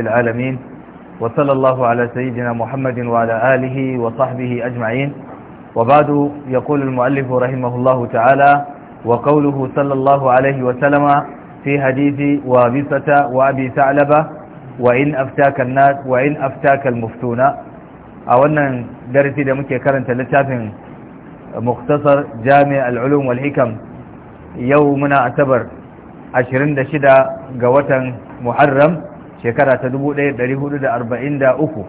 العالمين وصلى الله على سيدنا محمد وعلى آله وصحبه أجمعين وبعد يقول المؤلف رحمه الله تعالى وقوله صلى الله عليه وسلم في حديث وابسة وأبي ثعلبة وإن أفتاك الناس وإن أفتاك المفتون أولا درسي دمك كرنت لتاف مختصر جامع العلوم والحكم يومنا أعتبر 26 ga watan Muharram shekara ta 1443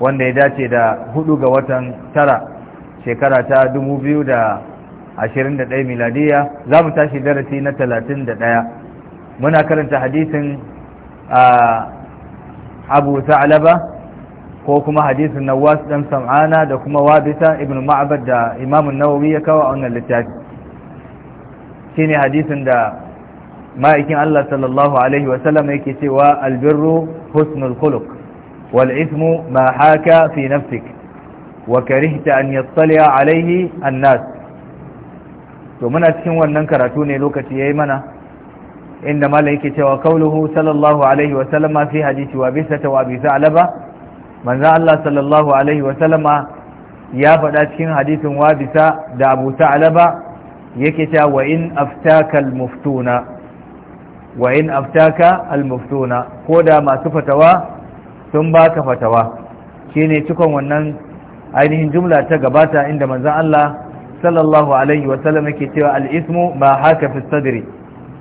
wanda ya dace da hudu ga watan tara shekara ta 2021 miladiya za mu tashi darasi na talatin da ɗaya. muna karanta hadisin abu sa'alaba ko kuma hadisin wasu ɗan sam'ana da kuma wabita ibn ma'abar da imamun nawawi ya kawo a wannan littafi shine hadisin da ma'aikin Allah sallallahu alaihi wasallam yake cewa albirru husnul khuluq wal ismu ma haka fi nafsik wa karihta an yattali alayhi annas to muna cikin wannan karatu ne lokaci yayi mana inda mala yake cewa kauluhu sallallahu alaihi wasallam fi hadisi wa bisata wa bisa alaba manzo Allah sallallahu alaihi wasallam ya faɗa cikin hadisin wa bisa da Abu alaba yake cewa wa in aftaka al-muftuna wa in aftaka almuftuna ko da masu fatawa sun baka fatawa shine cikon wannan ainihin jumla ta gabata inda manzon Allah sallallahu alaihi wa sallam yake cewa al-ismu ma haka fi sadri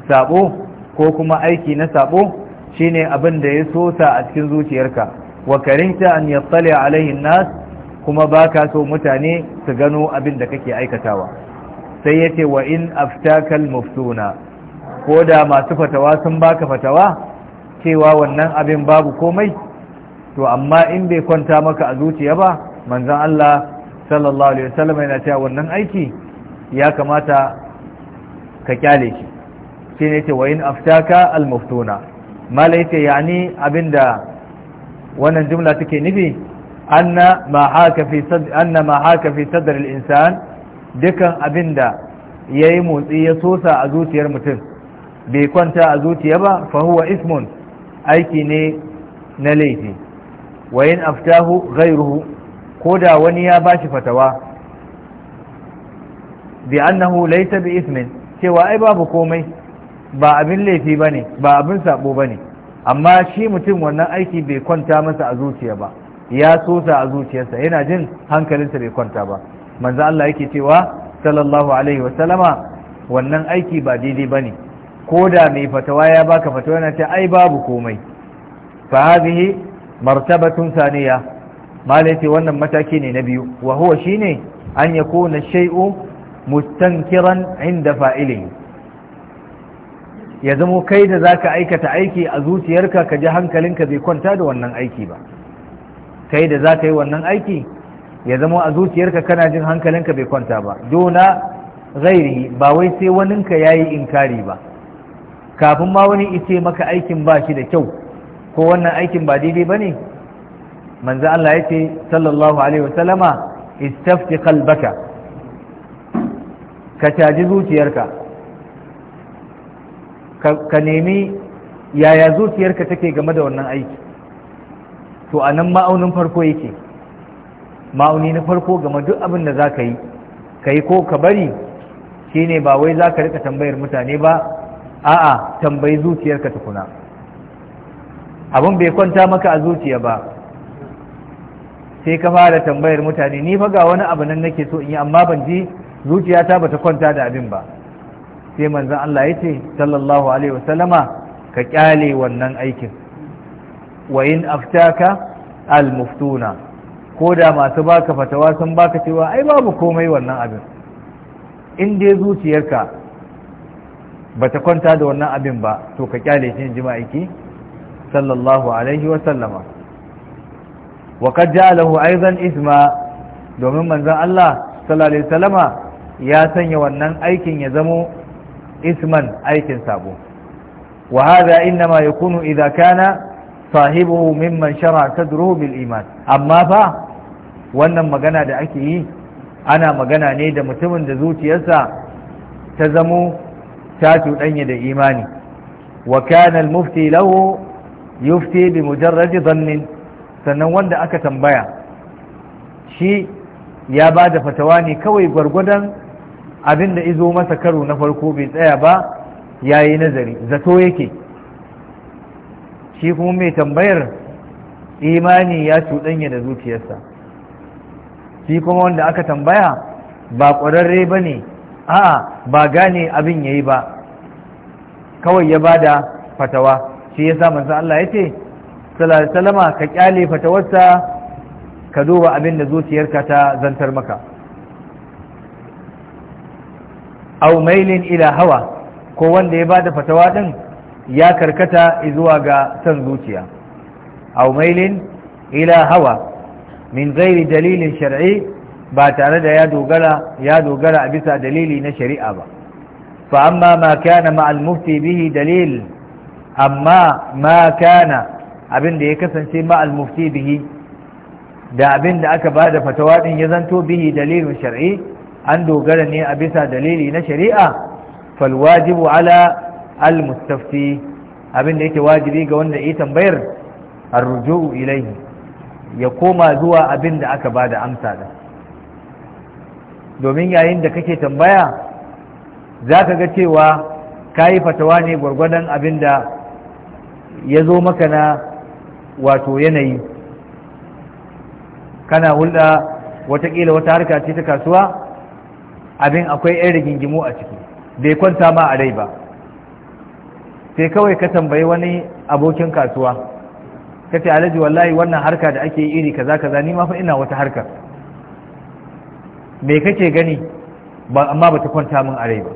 sabo ko kuma aiki na sabo shine abin da ya sosa a cikin zuciyarka wa karinta an yattali alaihi nas kuma baka so mutane su gano abin da kake aikatawa sai yace wa in aftaka almuftuna ko da masu fatawa sun baka fatawa cewa wannan abin babu komai to amma in bai kwanta maka a zuciya ba manzan Allah sallallahu alaihi wasallam yana cewa wannan aiki ya kamata ka kyale shi shine ce wa aftaka al-muftuna yani abinda wannan jumla take nufi anna ma haka fi sadr anna ma haka fi sadr al-insan dukan abinda yayi motsi ya sosa a zuciyar mutum bai kwanta a zuciya ba fa huwa ismun aiki ne na laifi wa in aftahu ghayruhu ko da wani ya bashi fatawa bi annahu laysa bi ismin cewa ai babu komai ba abin laifi bane ba abin sabo bane amma shi mutum wannan aiki bai kwanta masa a zuciya ba ya sosa a zuciyarsa yana jin hankalinsa bai kwanta ba manzo Allah yake cewa sallallahu alaihi wa sallama wannan aiki ba daidai bane ko da mai fatawa ya baka fatawa yana ce ai babu komai fa hadhihi martabatun saniya malaiti wannan mataki ne na biyu wa huwa shine an yakuna shay'u mustankiran inda fa'ilihi ya zamo kai da zaka aikata aiki a zuciyarka ka ji hankalinka bai kwanta da wannan aiki ba kai da zaka yi wannan aiki ya zamo a zuciyarka kana jin hankalinka bai kwanta ba dona ghairi ba wai sai waninka yayi inkari ba kafin ma wani ice maka aikin ba shi da kyau ko wannan aikin ba daidai ba ne manzo Allah ya ce sallallahu alaihi wasallama istafti qalbaka ka caji zuciyarka ka nemi yaya zuciyarka take game da wannan aiki to a nan ma'aunin farko yake ma'auni na farko game duk abin da za ka yi ka yi ko ka bari shine ba wai za ka rika tambayar mutane ba a'a tambayi zuciyarka tukuna abin bai kwanta maka a zuciya ba sai ka fara tambayar mutane ni fa ga wani abu nan nake so in yi amma ban ji zuciyata bata kwanta da abin ba sai manzon Allah ya ce sallallahu alaihi wasallama ka kyale wannan aikin wa in aftaka al muftuna ko da masu baka fatawa sun baka cewa ai babu komai wannan abin in dai zuciyarka ba ta kwanta da wannan abin ba to ka kyale shi ji ma'aiki sallallahu alaihi wa sallama wa qad ja'alahu aidan isma domin manzon Allah sallallahu alaihi wasallama ya sanya wannan aikin ya zamo isman aikin sabo wa hadha inma yakunu idha kana sahibuhu mimman shara sadruhu bil iman amma fa wannan magana da ake yi ana magana ne da mutumin da zuciyarsa ta zamo ta cuɗanya da imani wa kana mufti lahu yufti bi mujarradi dhannin sannan wanda aka tambaya shi ya ba da fatawa ne kawai gwargwadon abin da izo masa karo na farko bai tsaya ba ya yi nazari zato yake shi kuma mai tambayar imani ya cuɗanya da zuciyarsa shi kuma wanda aka tambaya ba ƙwararre ba ne a'a ba gane abin yayi ba kawai ya bada fatawa shi yasa manzo Allah yace sallallahu alaihi ka kyale fatawarsa ka duba abin da zuciyarka ta zantar maka aw mailin ila hawa ko wanda ya bada fatawa din ya karkata zuwa ga san zuciya aw mailin ila hawa min ghairi dalilin shar'i ba tare da ya dogara a bisa dalili na shari'a ba fa amma ma kana ma mufti bihi dalil amma ma kana abin da ya kasance ma mufti bihi da abin da aka bada fatawa din ya zanto bihi dalilin shar'i an dogara ne a bisa dalili na shari'a fal wajibu ala al abin da yake wajibi ga wanda ya tambayar ar-ruju' ilayhi ya koma zuwa abin da aka da amsa da. domin yayin da kake tambaya za ka ga cewa ka yi fatawa ne gwargwadon abin da ya zo maka na wato yanayi kana hulɗa watakila wata harka ce ta kasuwa abin akwai 'yan rigingimu a ciki bai kwanta ma a rai ba sai kawai ka tambayi wani abokin kasuwa ka ce alhaji wallahi wannan harka da ake iri kaza kaza ni ma fa ina wata harka. me kake gani ba amma ba ta kwanta min a rai ba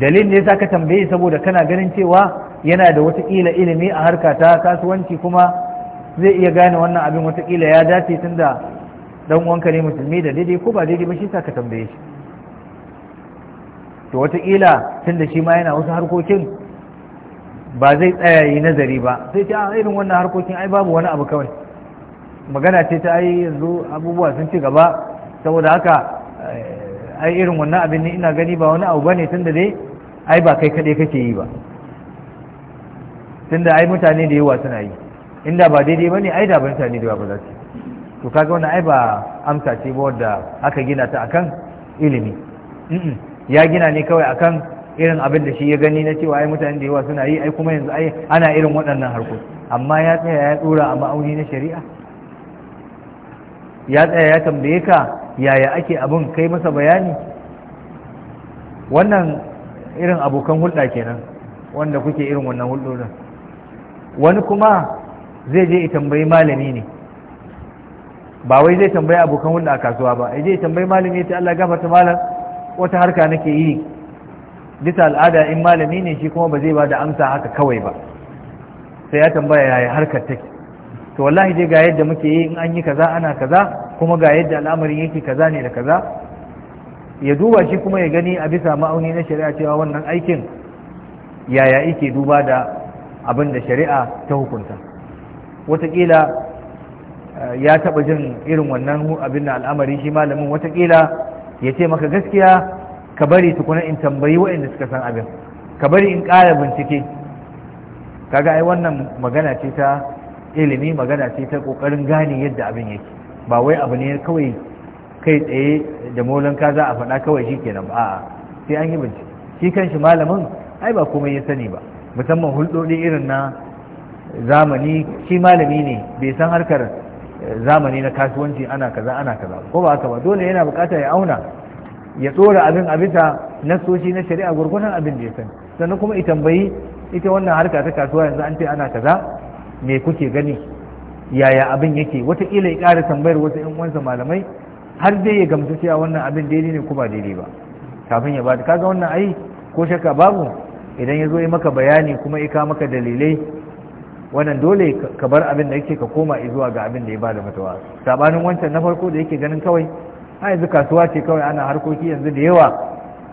dalilin ne ka tambaye saboda kana ganin cewa yana da watakila ilimi a harka ta kasuwanci kuma zai iya gane wannan abin watakila ya dace tunda dan wanka ne musulmi da daidai ko ba daidai ba shi sa ka tambaye shi to watakila tunda shi ma yana wasu harkokin ba zai tsaya yi nazari ba sai a ah, irin wannan harkokin ai babu wani abu kawai magana ce ta ai yanzu abubuwa sun ci gaba saboda haka eh, ai irin wannan abin ne ina gani ba wani abu bane tunda dai ai ba kai kaɗai kake yi ba tunda ai mutane da yawa suna yi inda ba daidai bane ai da mutane da yawa ba za su to kaga wannan ai ba amsa ce ba wadda aka gina ta akan ilimi ya gina ne kawai akan irin abin da shi ya gani na cewa ai mutane da yawa suna yi ai kuma yanzu ai ana irin waɗannan harkoki amma ya tsaya ya dora a ma'auni na shari'a ya tsaya ya tambaye ka yaya ake abin kai masa bayani wannan irin abokan hulɗa kenan wanda kuke irin wannan hulɗoɗin wani kuma zai je tambayi malami ne ba wai zai tambayi abokan hulɗa a kasuwa ba ya je tambayi malami ya ce Allah gafarta malam wata harka nake yi bisa al'ada in malami ne shi kuma ba zai ba da amsa haka kawai ba sai ya tambaya yaya harkar take to wallahi dai ga yadda muke yi in an yi kaza ana kaza kuma ga yadda al'amarin yake kaza ne da kaza ya duba shi kuma ya gani a bisa ma'auni na shari'a cewa wannan aikin yaya yake duba da abin da shari'a ta hukunta watakila eh, ya taɓa jin irin wannan abin da al'amari shi malamin watakila ya ce maka gaskiya ka bari tukuna in tambayi waɗanda suka san abin ka bari in ƙara bincike kaga ai wannan magana ce ta ilimi magana ce ta kokarin gane yadda abin yake ba wai abu ne kawai kai tsaye da molon ka za a faɗa kawai shi kenan ba a'a sai an yi bincike shi kan shi malamin ai ba komai ya sani ba musamman hulɗoɗi irin na zamani shi malami ne bai san harkar eh, zamani na kasuwanci ana kaza ana kaza ko ba haka ba dole yana bukata ya auna ya tsora abin a bisa soci na shari'a gurgunan abin da ya sani sannan kuma i tambayi ita wannan harka ta kasuwa yanzu an ce ana kaza me kuke gani yaya abin yake wataƙila ya ƙara tambayar wasu ƴan uwansa malamai har dai ya gamsu cewa wannan abin daidai ne ko ba daidai ba kafin ya bada kaga wannan ai ko shakka babu idan ya zo yi maka bayani kuma ya kawo maka dalilai wannan dole ka bar abin da yake ka koma zuwa ga abin da ya bada fatawa sabanin wancan na farko da yake ganin kawai a yanzu kasuwa ce kawai ana harkoki yanzu da yawa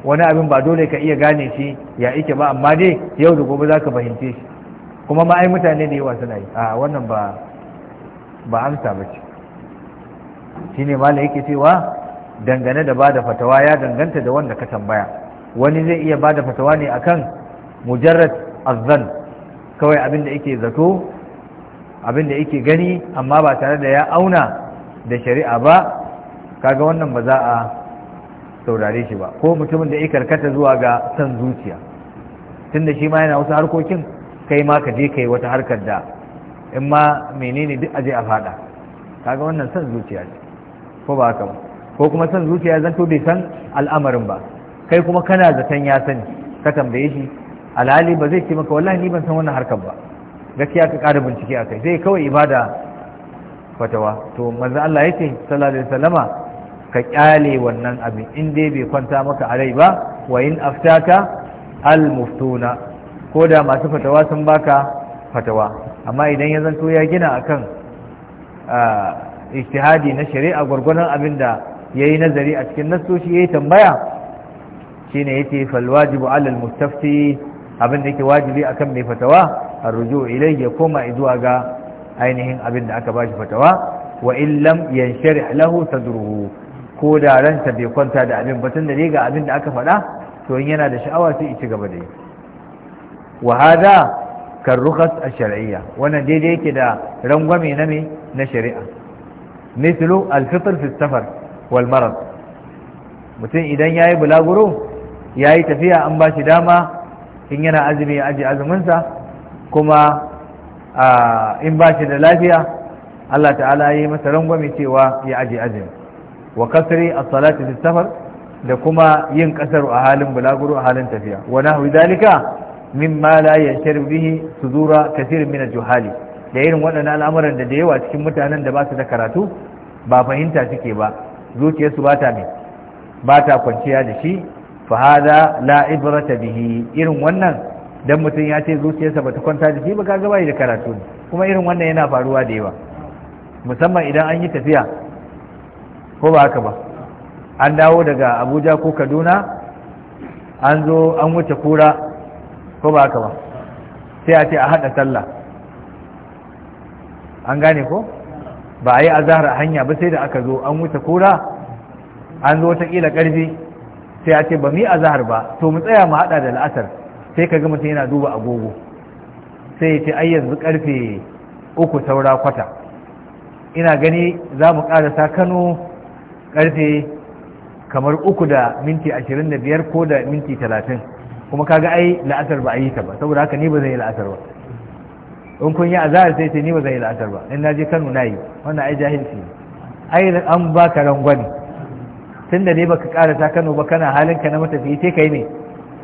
wani abin ba dole ka iya gane shi ya ike ba amma dai yau da gobe za ka fahimce shi kuma ma'ai mutane da yawa suna yi a wannan ba ba amsa ba ce Shi ne mala yake cewa dangane da bada fatawa ya danganta da wanda ka tambaya wani zai iya bada fatawa ne akan mujarrad azan. kawai abin da yake zato abin da yake gani amma ba tare da ya auna da shari'a ba kaga wannan ba za a saurare shi ba ko mutumin da ya karkata zuwa ga san zuciya tunda shi ma yana wasu harkokin kai ma ka je yi wata harkar da in ma menene duk aje a fada kaga wannan son zuciya ce ko ba haka ba ko kuma son zuciya to bai san al'amarin ba kai kuma kana zaton ya sani ka tambaye shi alhali ba zai ce maka wallahi ni ban san wannan harkar ba gaskiya ka ƙara bincike a kai zai kawai ibada fatawa to Maza Allah yake sallallahu alaihi wasallama ka kyale wannan abin in dai bai kwanta maka a rai ba wa in aftaka al muftuna ko da masu fatawa sun baka fatawa amma idan ya zanto ya gina akan ijtihadi na shari'a gwargwadon abin da ya yi nazari a cikin nassoshi ya yi tambaya shine yace fal wajibu alal mustafti abin da yake wajibi akan mai fatawa arruju ilayhi ya koma zuwa ga ainihin abin da aka bashi fatawa wa in lam yansharih lahu sadruhu ko da ranta bai kwanta da abin batun da ga abin da aka faɗa to yana da sha'awa sai ya ci gaba da yi wa hada kan rukas a shari'a wannan daidai yake da rangwame na me na shari'a mislu alfitr fi safar mutum idan yayi bulaguro yayi tafiya an ba shi dama in yana azumi ya aje azuminsa kuma in ba shi da lafiya Allah ta'ala ya yi masa rangwame cewa ya aje azumi wa kasri as-salati Fistafar da kuma yin kasar a halin bulaguro a halin tafiya wa nahwi dalika mimma la yantar bihi sudura zura min al-juhali da irin waɗannan al'amuran da da yawa cikin mutanen da ba su da karatu ba fahimta suke ba zuciyarsu ba ta ne ba ta kwanciya da shi fa hada la ibrata bihi irin wannan dan mutum ya ce zuciyarsa bata kwanta da shi ba kaga bai da karatu ne kuma irin wannan yana faruwa da yawa musamman idan an yi tafiya ko ba haka ba an dawo daga Abuja ko Kaduna an zo an wuce kura ko ba haka ba sai a ce a haɗa sallah an gane ko ba a yi azahar a hanya ba sai da aka zo an wuce kura an zo watakila ƙarfi sai a ce ba mu yi azahar ba to mu tsaya mu haɗa da la'asar sai ka ga mutum yana duba agogo sai ce ai yanzu ƙarfe uku saura kwata ina gani za mu ƙarasa kano ƙarfe kamar uku da minti ashirin da biyar ko da minti talatin kuma kaga ai la'asar ba a yi ta ba saboda haka ni ba zan yi la'asar ba in kun yi azahar sai sai ni ba zan yi la'asar ba in na je Kano na yi wannan ai jahilci ne. ai an baka rangwani tun da ne baka ƙara ta Kano ba kana halin ka na matafiya sai kai ne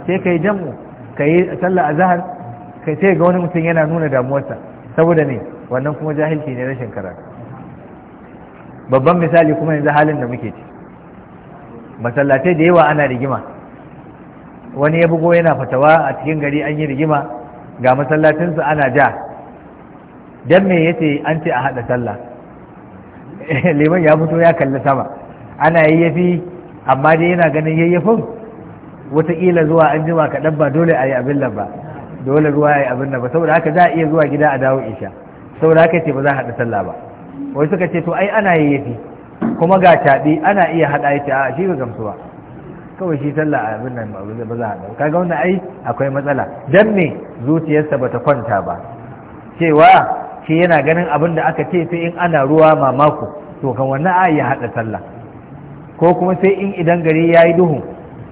sai kai jam'u kai sallar azahar kai sai ga wani mutum yana nuna damuwarsa saboda ne wannan kuma jahilci ne rashin karatu babban misali kuma yanzu halin da muke ci masallatai da yawa ana rigima wani ya bugo yana fatawa a cikin gari an yi rigima ga masallacinsu ana ja dan me yace an ce a haɗa sallah liman ya fito ya kalli sama ana yayyafi amma dai yana ganin yayyafin wataƙila zuwa an jima kaɗan ba dole a yi abin nan ba dole ruwa ya yi abin nan ba saboda haka za a iya zuwa gida a dawo isha saboda haka ce ba za a haɗa sallah ba wai suka ce to ai ana yayyafi kuma ga caɗi ana iya haɗa ya ce a shi ga gamsuwa kawai shi sallah a abin nan ba za a kaga wannan ai akwai matsala dan me zuciyarsa ba ta kwanta ba cewa shi yana ganin abin da aka ce sai in ana ruwa mamako to kan wannan ayi ya haɗa sallah ko kuma sai in idan gari ya yi duhu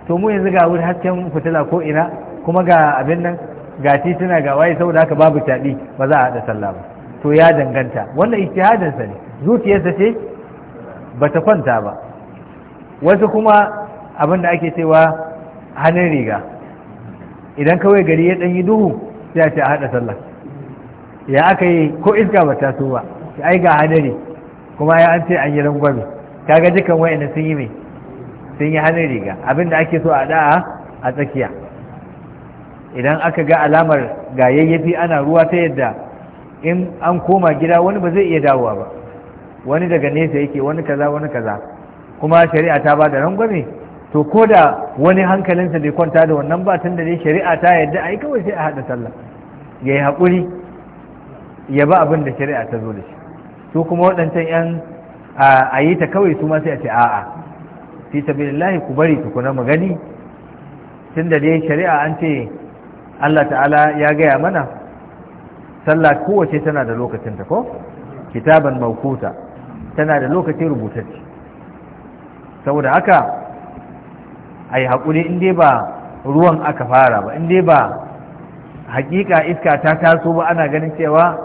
to mu yanzu ga wuri hasken fitila ko ina kuma ga abin nan ga tituna ga waye saboda haka babu taɗi ba za a haɗa sallah ba to ya danganta wannan sa ne zuciyarsa ce ba ta kwanta ba wasu kuma abin da ake cewa hannun riga idan kawai gari ya ɗanyi duhu sai a ce a haɗa sallah ya aka yi ko iska ba ta so ba ai ga hannari kuma ya an ce an yi rangwame kaga dukan wayanda sun yi mai sun yi hannun riga abin da ake so a da'a a tsakiya idan aka ga alamar ga yayyafi ana ruwa ta yadda in an koma gida wani ba zai iya dawowa ba wani daga nesa yake wani kaza wani kaza kuma shari'a ta ba da rangwame to ko da wani hankalinsa bai kwanta da wannan ba tun da dai shari'a ta yadda yi kawai sai a haɗa sallah ya yi haƙuri ya ba abin da shari'a ta zo da shi su kuma waɗancan 'yan a yi ta kawai su ma sai a ce a'a fi sabilillahi ku bari ku kuna magani tun da dai shari'a an ce Allah ta'ala ya gaya mana sallah kowace tana da lokacinta ko kitaban maukuta tana da lokacin rubutacce saboda haka a yi haƙuri in dai ba ruwan aka fara ba in dai ba hakika iska ta taso ba ana ganin cewa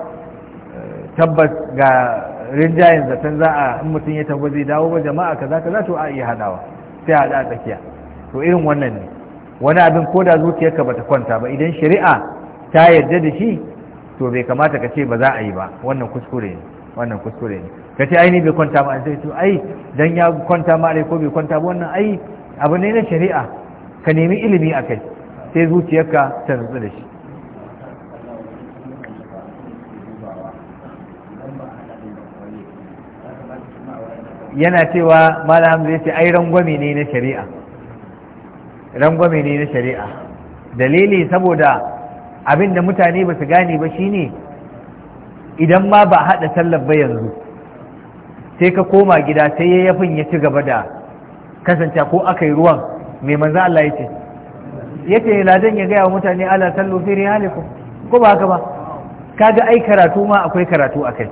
eh, tabbas ga rinjayen zaton za a in mutum ya tabbas zai dawo ba jama'a kaza kaza to a iya hadawa sai a da tsakiya to irin wannan ne wani abin ko da zuciyarka bata kwanta ba idan shari'a ta yarda da shi to bai kamata ka ce ba za a yi ba wannan kuskure ne wannan kuskure ne ka ce ai ni bai kwanta ba sai to ai dan ya kwanta ma ko bai kwanta ba wannan ai abu ne na shari'a ka nemi ilimi a kai sai zuciyarka ta rutsu da shi yana cewa malam zai ce ai rangwame ne na shari'a rangwame ne na shari'a dalili saboda abin da mutane ba su gane ba shine idan ma ba haɗa sallar ba yanzu sai ka koma gida sai yayyafin ya ci gaba da kasance ko aka yi ruwan mai manzo Allah yace yace ladan ya gaya wa mutane ala sallu fi rihalikum ko ba haka ba kaga ai karatu ma akwai karatu akai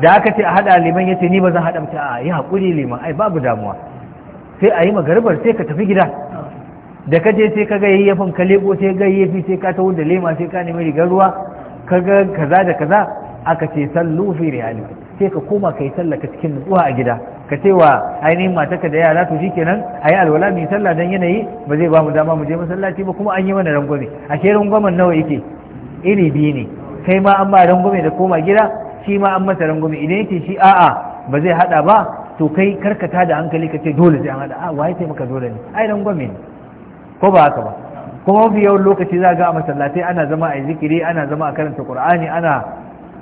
da aka ce a hada liman yace ni ba zan hada mutum a yi hakuri liman ai babu damuwa sai a yi magarbar sai ka tafi gida da ka je sai ka ga yayyafin ka lebo sai ga yafi sai ka taho da lema sai ka nemi rigar ruwa ka ga kaza da kaza aka ce sallu fi rihalikum sai ka koma kai sallaka cikin nutsuwa a gida ka ce wa ainihin matarka da yara to shikenan yi alwala mai sallah don yanayi ba zai ba mu dama mu je masallaci ba kuma an yi mana rangwame A ashe rangwamen nawa yake iri biyu ne kai ma an ma rangwame da koma gida shi ma an masa rangwame idan yake shi a'a ba zai hada ba to kai karkata da hankali ka ce dole sai an hada a waye sai maka dole ne ai rangwame ne ko ba haka ba kuma mafi yawan lokaci za ga a masallatai ana zama a zikiri ana zama a karanta qur'ani ana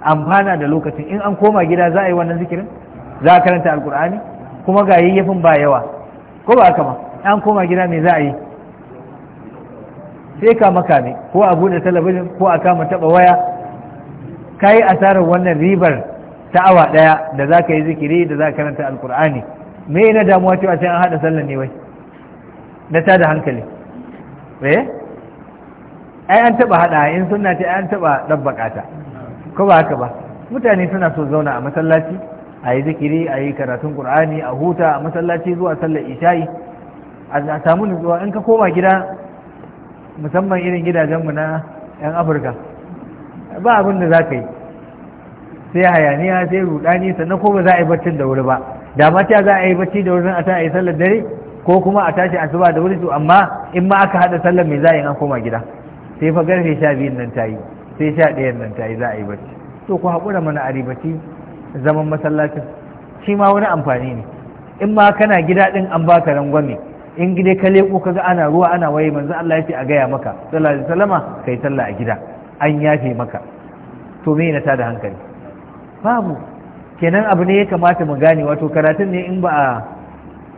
amfana da lokacin in an koma gida za a yi wannan zikirin za a karanta alkur'ani kuma ga yayyafin ba yawa ko ba haka ba an koma gida me za a yi sai ka maka ne ko a bude talabijin ko a kama taɓa waya ka yi asarar wannan ribar ta awa daya da za ka yi zikiri da za ka karanta alkur'ani me na damuwa cewa sai an haɗa sallan ne wai na tada hankali eh ai an taɓa haɗa in sunna ce an taɓa ɗabbaƙa ta ko ba haka ba mutane suna so zauna a masallaci a yi zikiri a yi karatun qur'ani a huta a masallaci zuwa sallar isha'i a samu nutsuwa in ka koma gida musamman irin gidajenmu na 'yan afirka ba abin da za ka yi sai hayaniya sai rudani sannan ko ba za a yi baccin da wuri ba da mata za a yi bacci da wurin a ta a yi sallar dare ko kuma a tashi asuba da wuri to amma in ma aka haɗa sallar mai za a yi an koma gida sai fa garfe sha biyun nan ta yi sai sha ɗayan nan ta yi za a yi bacci to ku haƙura mana a ribaci zaman masallacin shi ma wani amfani ne in ma kana gida din an baka rangwame in gida ka leko kaga ana ruwa ana waye manzo Allah ya ce a gaya maka sallallahu alaihi wasallama kai sallah a gida an yafe maka to me na tada hankali babu kenan abu ne ya kamata mu gane wato karatun ne in ba a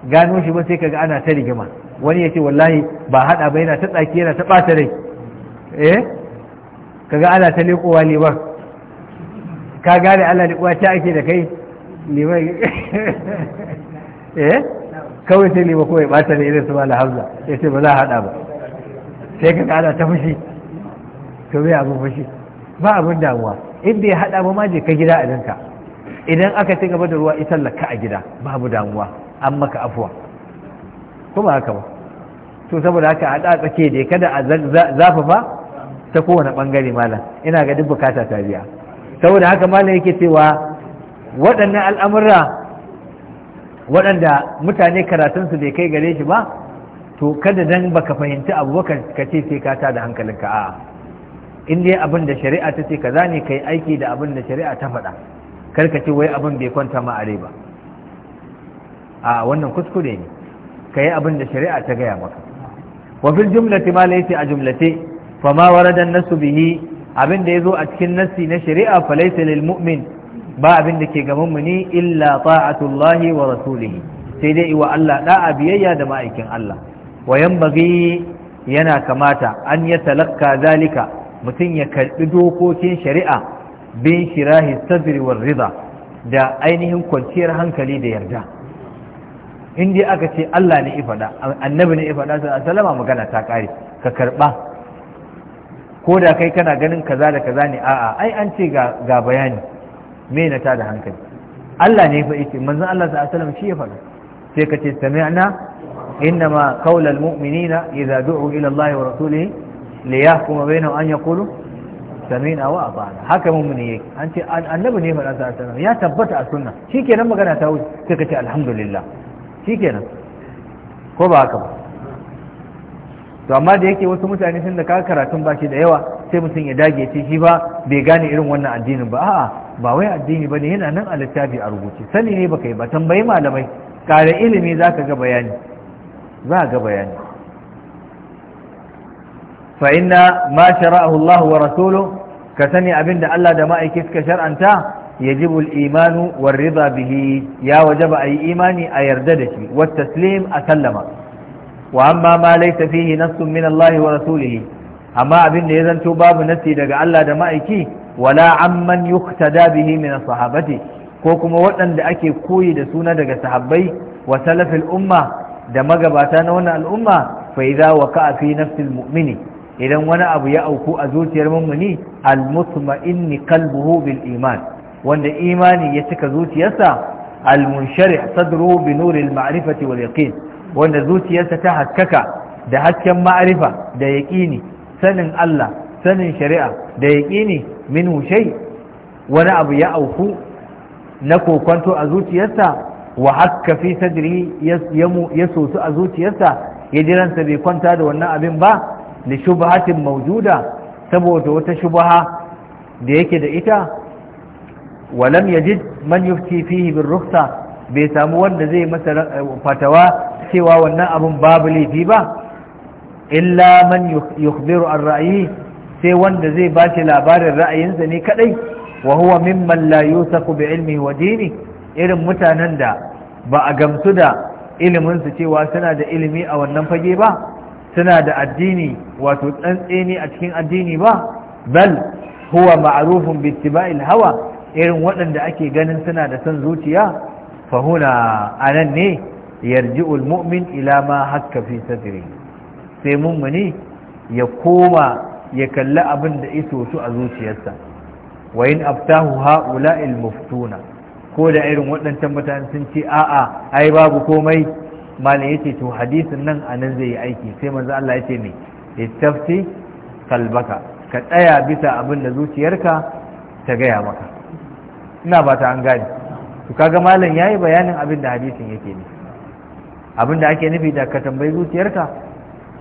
gano shi ba sai kaga ana ta rigima wani ya ce wallahi ba hada ba yana ta tsaki yana ta bata rai eh kaga ana ta lekowa ba. ka gane Allah da ta ake da kai liman eh kawai sai liman kawai bata ne irin su mala hamza sai sai ba za a haɗa ba sai ka kada ta fushi to bai abin fushi ba abin damuwa inda ya haɗa ba ma je ka gida a ka idan aka ci gaba da ruwa ita laka a gida babu damuwa an maka afuwa kuma haka ba to saboda haka a ɗa tsake da kada a zafafa ta kowane bangare malam ina ga duk bukata ta biya saboda haka malam yake cewa waɗannan al'amura waɗanda mutane karatunsu bai kai gare shi ba to kada dan baka fahimci abu ka ce sai ka ta hankalin hankalinka a'a in dai abin da shari'a ta ce kaza ne kai aiki da abin da shari'a ta faɗa kar ka ce wai abin bai kwanta ma are ba a wannan kuskure ne ka yi abin da shari'a ta gaya maka wa fil jumlati ma laysa a jumlati fa ma warada nasu bihi abin da ya zo a cikin nassi na shari'a falaisa lil mu'min ba abin da ke gaban mu ne illa ta'atullahi wa rasulihi sai dai wa Allah da biyayya da ma'aikin Allah wa yanbaghi yana kamata an ya talakka zalika mutum ya karbi dokokin shari'a bin shirahi sadri war rida da ainihin kwanciyar hankali da yarda in dai aka ce Allah ne ifada annabi ne ifada sallama magana ta kare ka karba ko da kai kana ganin kaza da kaza ne a'a ai an ce ga bayani me na tada hankali Allah ne fa yace manzon Allah sallallahu sallam shi ya faɗa sai ka ce sami'na innama qawla almu'minina idza du'u ila Allah wa rasulihi li yahkum bainahum an yaqulu sami'na wa ata'na haka mun ne yake an ce annabi ne faɗa sallallahu alaihi wasallam ya tabbata a sunna shikenan magana ta wuce sai ka ce alhamdulillah shikenan ko ba haka ba to amma da yake wasu mutane sun da ka karatun ba shi da yawa sai mutum ya dage ce shi ba bai gane irin wannan addinin ba a'a ba wai addini ba ne. yana nan a littafi a rubuce sani ne baka yi ba tambayi malamai kare ilimi zaka ga bayani za ga bayani fa inna ma shara'ahu Allah wa rasuluhu ka sani abinda Allah da ma'aiki suka shar'anta yajibu al-imanu war-ridha bihi ya wajaba imani a yarda da shi wat taslim a sallama wa amma ma laysa fihi nassun min Allah wa rasulihi amma abin da ya zanto babu nassi daga Allah da ma'aiki wala amman yuktada bihi min sahabati ko kuma waɗanda ake koyi da suna daga sahabbai wa salafil umma da magabata na wannan al'umma fa idza waqa'a fi nafsil mu'mini idan wani abu ya auku a zuciyar mummuni al mutma'inni qalbuhu bil iman wanda imani ya cika zuciyarsa al munshari sadruhu bi nuril ma'rifati wal yaqin wanda zuciyarsa ta haskaka da hasken ma'arifa da yaƙini sanin Allah sanin shari'a da yaƙini min shay wani abu ya auku na kokonto a zuciyarsa wa hakka fi sadri ya sosu a zuciyarsa ya jiransa bai kwanta da wannan abin ba da shubahatin maujuda saboda wata shubaha da yake da ita walam yajid man yufti fihi bil ruksa, bai samu wanda zai masa eh, fatawa cewa wannan abin babu laifi ba illa man yukhbiru an ra'ayi sai wanda zai ba shi labarin ra'ayinsa ne kadai wa huwa mimman la yusaku bi ilmi wa dini irin mutanen da ba a gamsu da ilimin su cewa suna da ilimi a wannan fage ba suna da addini wato tsantseni a cikin addini ba bal huwa ma'rufun bi ittiba'il hawa irin waɗanda ake ganin suna da son zuciya fa huna anan ne yarji'ul mu'min ila ma hakka fi sadri sai mummuni ya koma ya kalli abin da iso su a zuciyarsa wa in aftahu ha'ula'il muftuna ko da irin waɗancan mutane sun ce a'a ai babu komai malam yace to hadisin nan anan zai yi aiki sai manzo Allah yace me istafti kalbaka ka tsaya bisa abin da zuciyarka ta gaya maka ina ba ta an gane to kaga malam yayi bayanin abin da hadisin yake ne abin da ake nufi da ka tambayi zuciyarka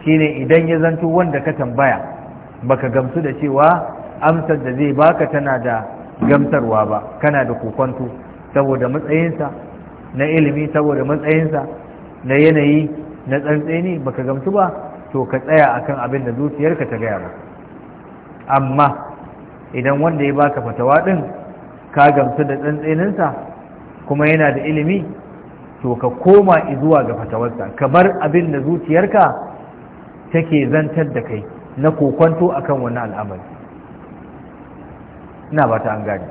shine idan ya zanto wanda ka tambaya baka gamsu da cewa amsar da zai baka tana da gamsarwa ba kana da kokonto saboda matsayinsa na ilimi saboda matsayinsa na yanayi na tsantseni baka gamsu ba to ka tsaya akan abin da zuciyarka ta gaya ba amma idan wanda ya baka fatawa din ka gamsu da tsantseninsa kuma yana da ilimi to ka koma zuwa ga fatawarsa ka bar abin da zuciyarka take zantar da kai na kokwanto akan wani al'amari ina ba ta an gani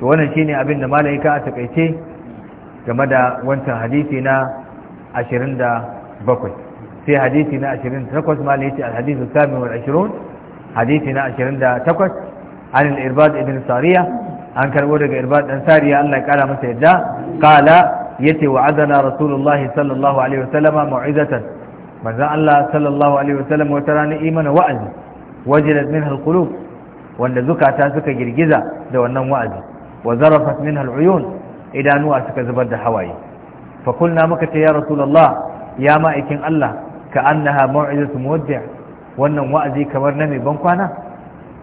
to wannan shine abin da malayika a takaice game da wancan hadisi na 27 sai hadisi na 28 malaika al-hadithu sami wani 20 hadisi na 28 an irbad ibn sariya an karbo daga irbad dan sariya Allah ya kara masa yadda qala yace wa azana rasulullahi sallallahu alaihi wasallama mau'izatan manzon Allah sallallahu alaihi wasallam wata rana imana wa'azi wajilat minha alqulub wanda zukata suka girgiza da wannan wa'azi wa zarafat minha aluyun idanuwa suka zubar da hawaye fa kulna muka ce ya rasulullah ya ma'aikin Allah ka annaha mau'izatu muwaddi' wannan wa'azi kamar na mai ban kwana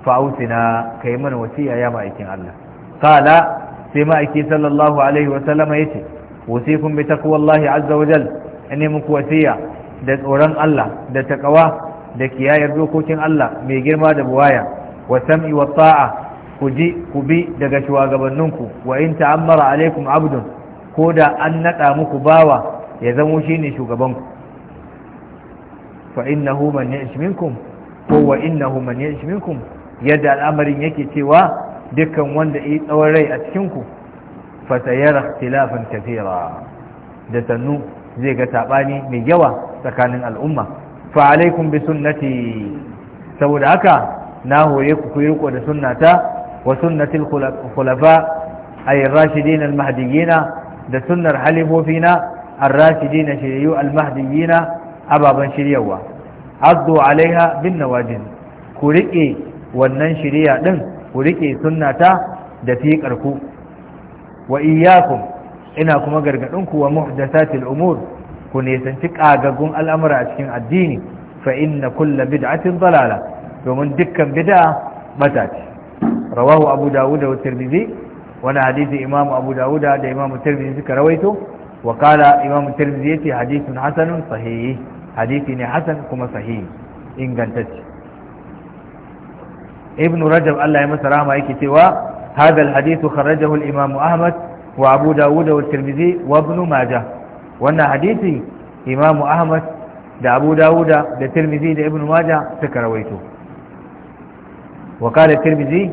fa ausina kai mana wasiya ya ma'aikin Allah qala sai ma'aiki sallallahu alaihi wasallama yace وصيكم بتقوى الله عز وجل أني مكوسية da tsoron Allah da takawa da kiyayar dokokin Allah mai girma da buwaya wa sam'i wa ta'a ku ji ku bi daga shugabanninku wa in ta'ammara alaikum abdun ko da an nada muku bawa ya zamo shine shugabanku fa innahu man ya'ish minkum ko wa innahu man ya'ish minkum yadda al'amarin yake cewa dukkan wanda yi tsawon rai a cikin ku fasayar tilafin kathira da sannu zai ga sabani mai yawa tsakanin al'umma fa alaikum bi sunnati saboda haka na hoye ku riko da sunnata wa sunnatil khulafa ay ar-rashidin al da sunnar halifofina ar-rashidin shiriyu al-mahdiyyin ababan shiryawa addu alaiha bin nawajin ku rike wannan shirya ɗin ku riƙe sunnata da fiƙarku wa iyakun ina kuma gargadin ku wa muhdathatil umur ku ne santi kagagun al'amura a cikin addini fa inna kullu bid'atin dalala domin dukkan bid'a bata rawahu abu dawud wa tirmidhi wani hadisi imam abu dawud da imam tirmidhi suka rawaito wa qala imam tirmidhi yace hadithun hasanun sahih hadisi ne hasan kuma sahih ingantacce ibn rajab Allah ya masa rahama yake cewa هذا الحديث خرجه الإمام أحمد وأبو داود والترمذي وابن ماجه وأن حديثي إمام أحمد دا أبو داود دا ترمذي دا ابن ماجه سكرويته وقال الترمذي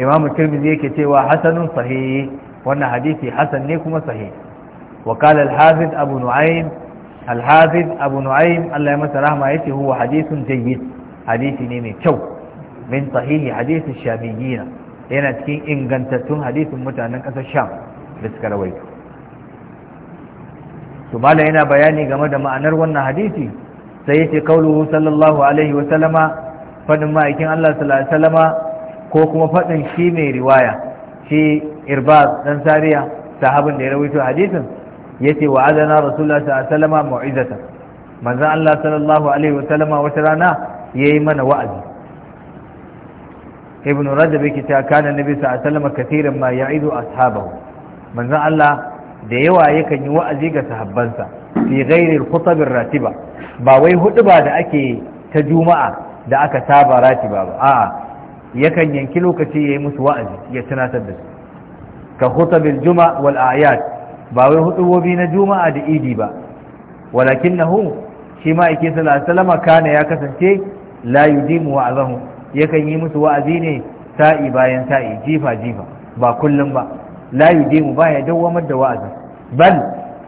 إمام الترمذي كتوى حسن صحيح وأن حديثي حسن ليكم صحيح وقال الحافظ أبو نعيم الحافظ أبو نعيم الله يمسى رحمه يتي هو حديث جيد حديث نيمي كو من صحيح حديث الشاميين yana cikin ingantattun hadisin mutanen ƙasar sham da suka rawaito su mala yana bayani game da ma'anar wannan hadisi sai yace kauluhu sallallahu alaihi wa sallama fadin ma'aikin Allah sallallahu alaihi wa sallama ko kuma fadin shi mai riwaya shi irbaz dan sariya sahabin da ya rawaito hadisin yace wa adana rasulullahi sallallahu alaihi wa sallama mu'izatan manzo Allah sallallahu alaihi wa sallama wata rana yayi mana wa'azi ibn rajab yake ta kana nabi sallallahu alaihi wasallam kathiran ma ya'idu ashabahu manzon Allah da yawa yakan yi wa'azi ga sahabbansa fi ghairi al-khutab ratiba ba wai huɗuba da ake ta juma'a da aka saba ratiba ba a'a yakan yanki lokaci yayi musu wa'azi ya tunatar da su ka khutabil juma' wal a'yad ba wai hudubobi na juma'a da idi ba walakinahu shi ma yake sallallahu alaihi wasallam kana ya kasance la yudimu wa'azahu yakan yi musu wa'azi ne sa'i bayan sa'i jifa jifa ba kullum ba la yudimu baya dawamar da wa'azi bal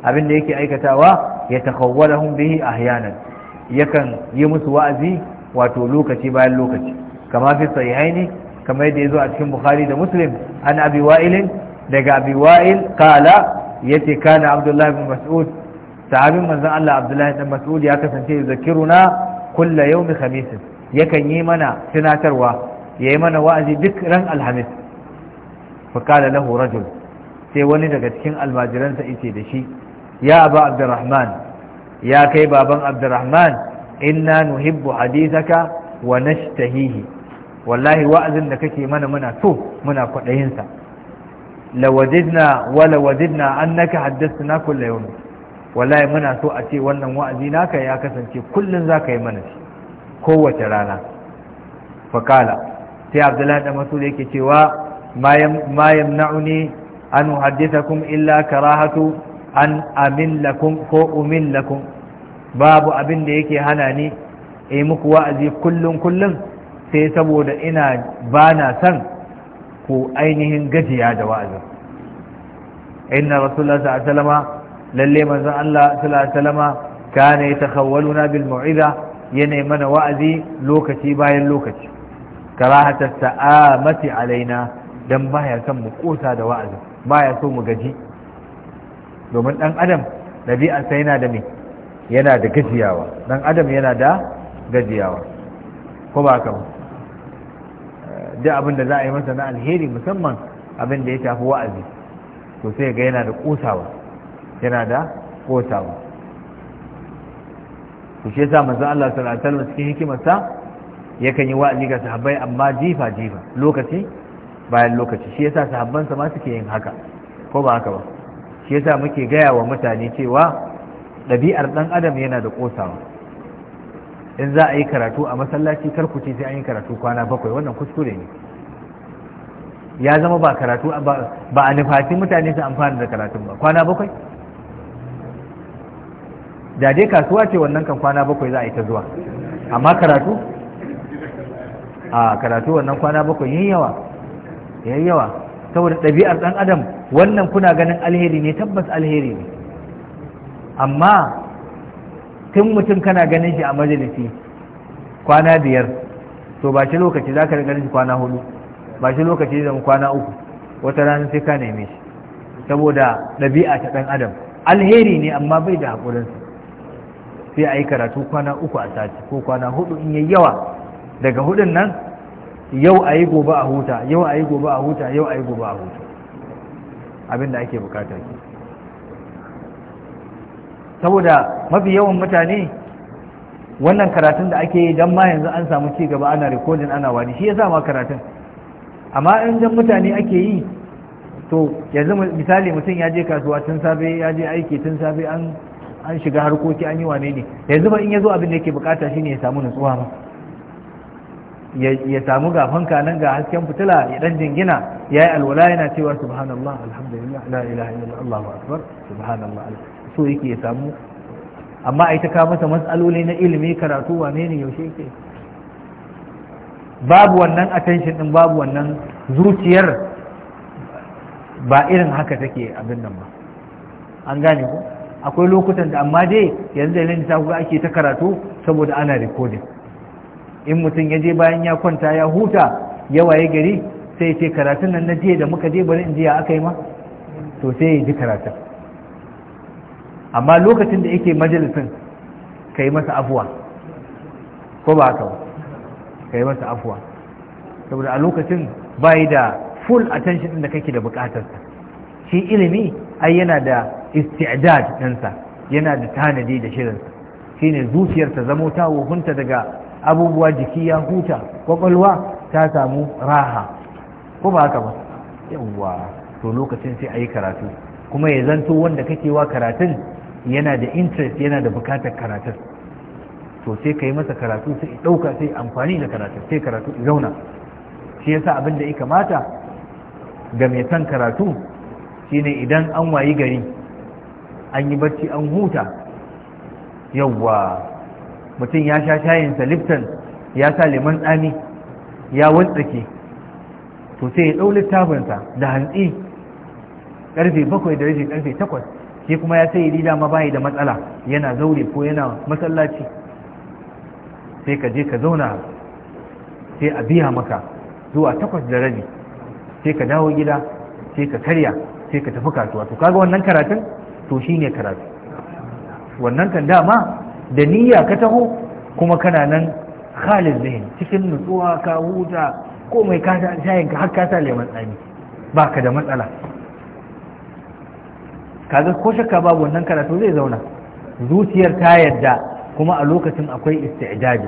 abin da yake aikatawa ya takawwalahum bihi ahyanan yakan yi musu wa'azi wato lokaci bayan lokaci kama fi sahihaini kamar yadda yazo a cikin bukhari da muslim an abi wa'il daga abi wa'il qala yace kana abdullahi ibn mas'ud sahabin manzon Allah abdullahi ibn mas'ud ya kasance yuzakiruna kulla yawmi khamis yakan yi mana tunatarwa ya yi mana wa'azi duk ran alhamis fakala lahu rajul sai wani daga cikin almajiransa ita da shi ya aba abdurrahman ya kai baban abdurrahman inna nuhibbu hadithaka wa nashtahihi wallahi wa'azin da kake mana muna so muna kwaɗayinsa lawajidna wa lawajidna annaka haddathna kullu wallahi muna so a ce wannan wa'azi naka ya kasance kullun zaka yi mana shi kowace rana fakala sai abdullahi da masul yake cewa ma na'uni an uhaddithakum illa karahatu an amillakum ko umillakum babu abin da yake hana ni yi muku wa'azi kullum kullum sai saboda ina bana son ku ainihin gajiya da wa'azin inna rasulullah sallallahu alaihi wasallama lalle manzon Allah sallallahu alaihi wasallama kana yatakhawwaluna bil mu'iza yanayi mana wa'azi lokaci bayan lokaci karahatar ta'amati alaina dan baya son mu kosa da wa'azi baya so mu gaji domin dan adam ɗabi'arsa yana da me yana da gajiyawa dan adam yana da gajiyawa ko ba ka eh, duk abin da za a yi masa na alheri musamman abin da ya shafi wa'azi to sai ga yana da kosawa yana da kosawa to shi yasa manzon Allah sallallahu alaihi wasallam cikin hikimarsa yakan yi wa'azi ga sahabbai amma jifa jifa lokaci bayan lokaci shi yasa sahabban sa ma suke yin haka ko ba haka ba shi yasa muke gaya wa mutane cewa ɗabi'ar ɗan adam yana da ƙosawa in za a yi karatu a masallaci kar ku ce sai an yi karatu kwana bakwai wannan kuskure ne ya zama ba karatu ba a nufafi mutane su amfana da karatun ba kwana bakwai da dai kasuwa ce wannan kan kwana bakwai za a yi ta zuwa amma karatu a karatu wannan kwana bakwai yin yawa yin yawa saboda ɗabi'ar ɗan adam wannan kuna ganin alheri ne tabbas alheri ne amma tun mutum kana ganin shi a majalisi kwana biyar to ba shi lokaci za ka ganin shi kwana hudu ba shi lokaci zama kwana uku wata rana sai ka neme shi saboda ɗabi'a ta ɗan adam alheri ne amma bai da haƙurinsa sai a yi karatu kwana uku a sati ko kwana hudu in yi yawa daga hudun nan yau a yi gobe a huta yau a yi gobe a huta yau a yi gobe a huta abinda ake bukata ke saboda mafi yawan mutane wannan karatun da ake yi don ma yanzu an samu ci gaba ana rikodin ana wani shi ya sa ma karatun amma in jan mutane ake yi to yanzu misali mutum ya je kasuwa tun safe ya je aiki tun safe an an shiga harkoki an yi wane ne yanzu ba in ya zo abin da yake bukata shine ya samu nutsuwa ba ya samu gafanka nan ga hasken fitila ya dan jingina ya yi alwala yana cewa subhanallah alhamdulillah la ilaha illallah allahu akbar subhanallah so yake ya samu amma ai ta ka masa matsaloli na ilimi karatu wane ne yaushe yake babu wannan attention din babu wannan zuciyar ba irin haka take abin nan ba an gane ko akwai lokutan da amma dai yanzu da linta ku ake ta karatu saboda ana recording in mutum ya je bayan ya kwanta ya huta ya waye gari sai ce karatun nan na jiya da muka je bari in jiya aka yi ma to sai ya ji karatun amma lokacin da yake majalisin ka yi masa afuwa ko ba haka ba ka yi masa afuwa saboda a lokacin bayi da full attention da kake da bukatarsa shi ilimi ai yana da istidad ɗinsa yana da tanadi da shirinsa shine zuciyar ta zamo ta hukunta daga abubuwa jiki ya huta kwakwalwa ta samu raha ko ba haka ba yawwa to lokacin sai a yi karatu kuma ya zanto wanda kake wa karatun yana da interest yana da bukatar karatun to sai ka yi masa karatu sai ɗauka sai amfani da karatu sai karatu zauna shi yasa abin da ya kamata ga mai son karatu shine idan an wayi gari an yi barci an huta yawwa mutum ya sha shayinsa lifton ya sa liman tsami ya wantsake to sai ya ɗau littafinsa da hantsi ƙarfe bakwai da rashin ƙarfe takwas shi kuma ya sai yi dama bayi da matsala yana zaure ko yana masallaci sai ka je ka zauna sai a biya maka zuwa takwas da rabi sai ka dawo gida sai ka karya sai ka tafi kasuwa to kaga wannan karatun to shine karatu wannan kan dama da niyya ka taho kuma kana nan khalis zihin cikin nutsuwa ka huta mai ka shayin ka har kasa leman tsami ka da matsala kaga ko shakka babu wannan karatu zai zauna zuciyar ta yadda kuma a lokacin akwai isti'jaji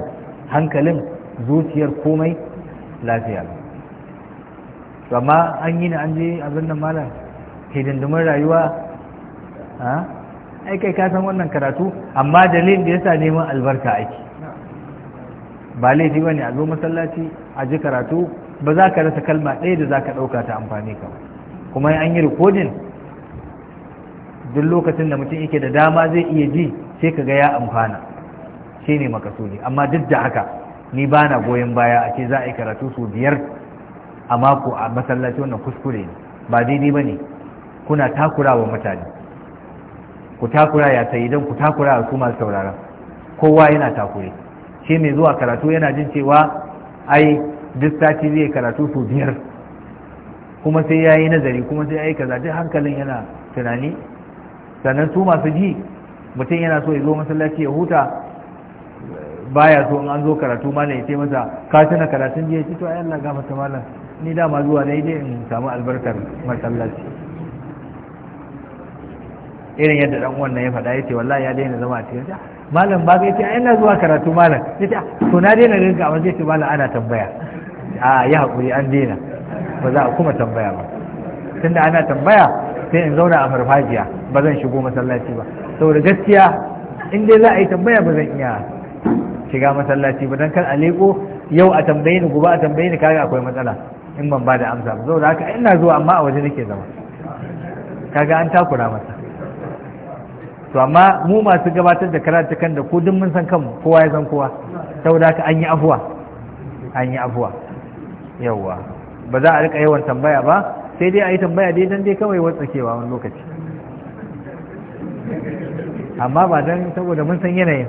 hankalin zuciyar komai lafiya amma an yi na an je abin nan mala hidindimin rayuwa aikai ka san wannan karatu amma dalilin da yasa neman albarka ake ba laifi ba ne a zo masallaci a ji karatu ba za ka rasa kalma ɗaya da za ka ɗauka ta amfani ka kuma an yi rikodin duk lokacin da mutum yake da dama zai iya ji sai ka ga ya amfana shi ne makasudi amma duk da haka ni ba na goyon baya a ce za a yi karatu sau biyar a mako a masallaci wannan kuskure ne ba daidai ba ne kuna takura wa mutane ku takura ya sayi don ku takura a su masu sauraron kowa yana takure shi mai zuwa karatu yana jin cewa ai duk sati zai karatu su biyar kuma sai ya yi nazari kuma sai ya yi kaza hankalin yana tunani sannan su masu ji mutum yana so ya zo masallaci ya huta baya so in an zo karatu malam ya ce masa ka tuna karatun jiya ce to ayan Allah ga mata malam ni dama zuwa ne dai in samu albarkar masallaci irin yadda dan uwan ya faɗa yace wallahi ya daina zama a cikin malam ba yace ai ina zuwa karatu malam yace to na daina rinka amma zai ce malam ana tambaya a ya hakuri an daina ba za a kuma tambaya ba tunda ana tambaya sai in zauna a farfajiya ba zan shigo masallaci ba saboda gaskiya in dai za a yi tambaya ba zan iya shiga masallaci ba dan kar a leko yau a tambaye ni gobe a tambaye ni kaga akwai matsala in ban ba da amsa ba saboda haka ina zuwa amma a waje nake zama kaga an takura masa to amma mu masu gabatar da karatu kan da ko duk mun san kanmu kowa ya san kowa saboda haka an yi afuwa an yi afuwa yawa ba za a rika yawan tambaya ba sai dai a yi tambaya dai dan dai kawai watsakewa wani lokaci amma ba dan saboda mun san yanayin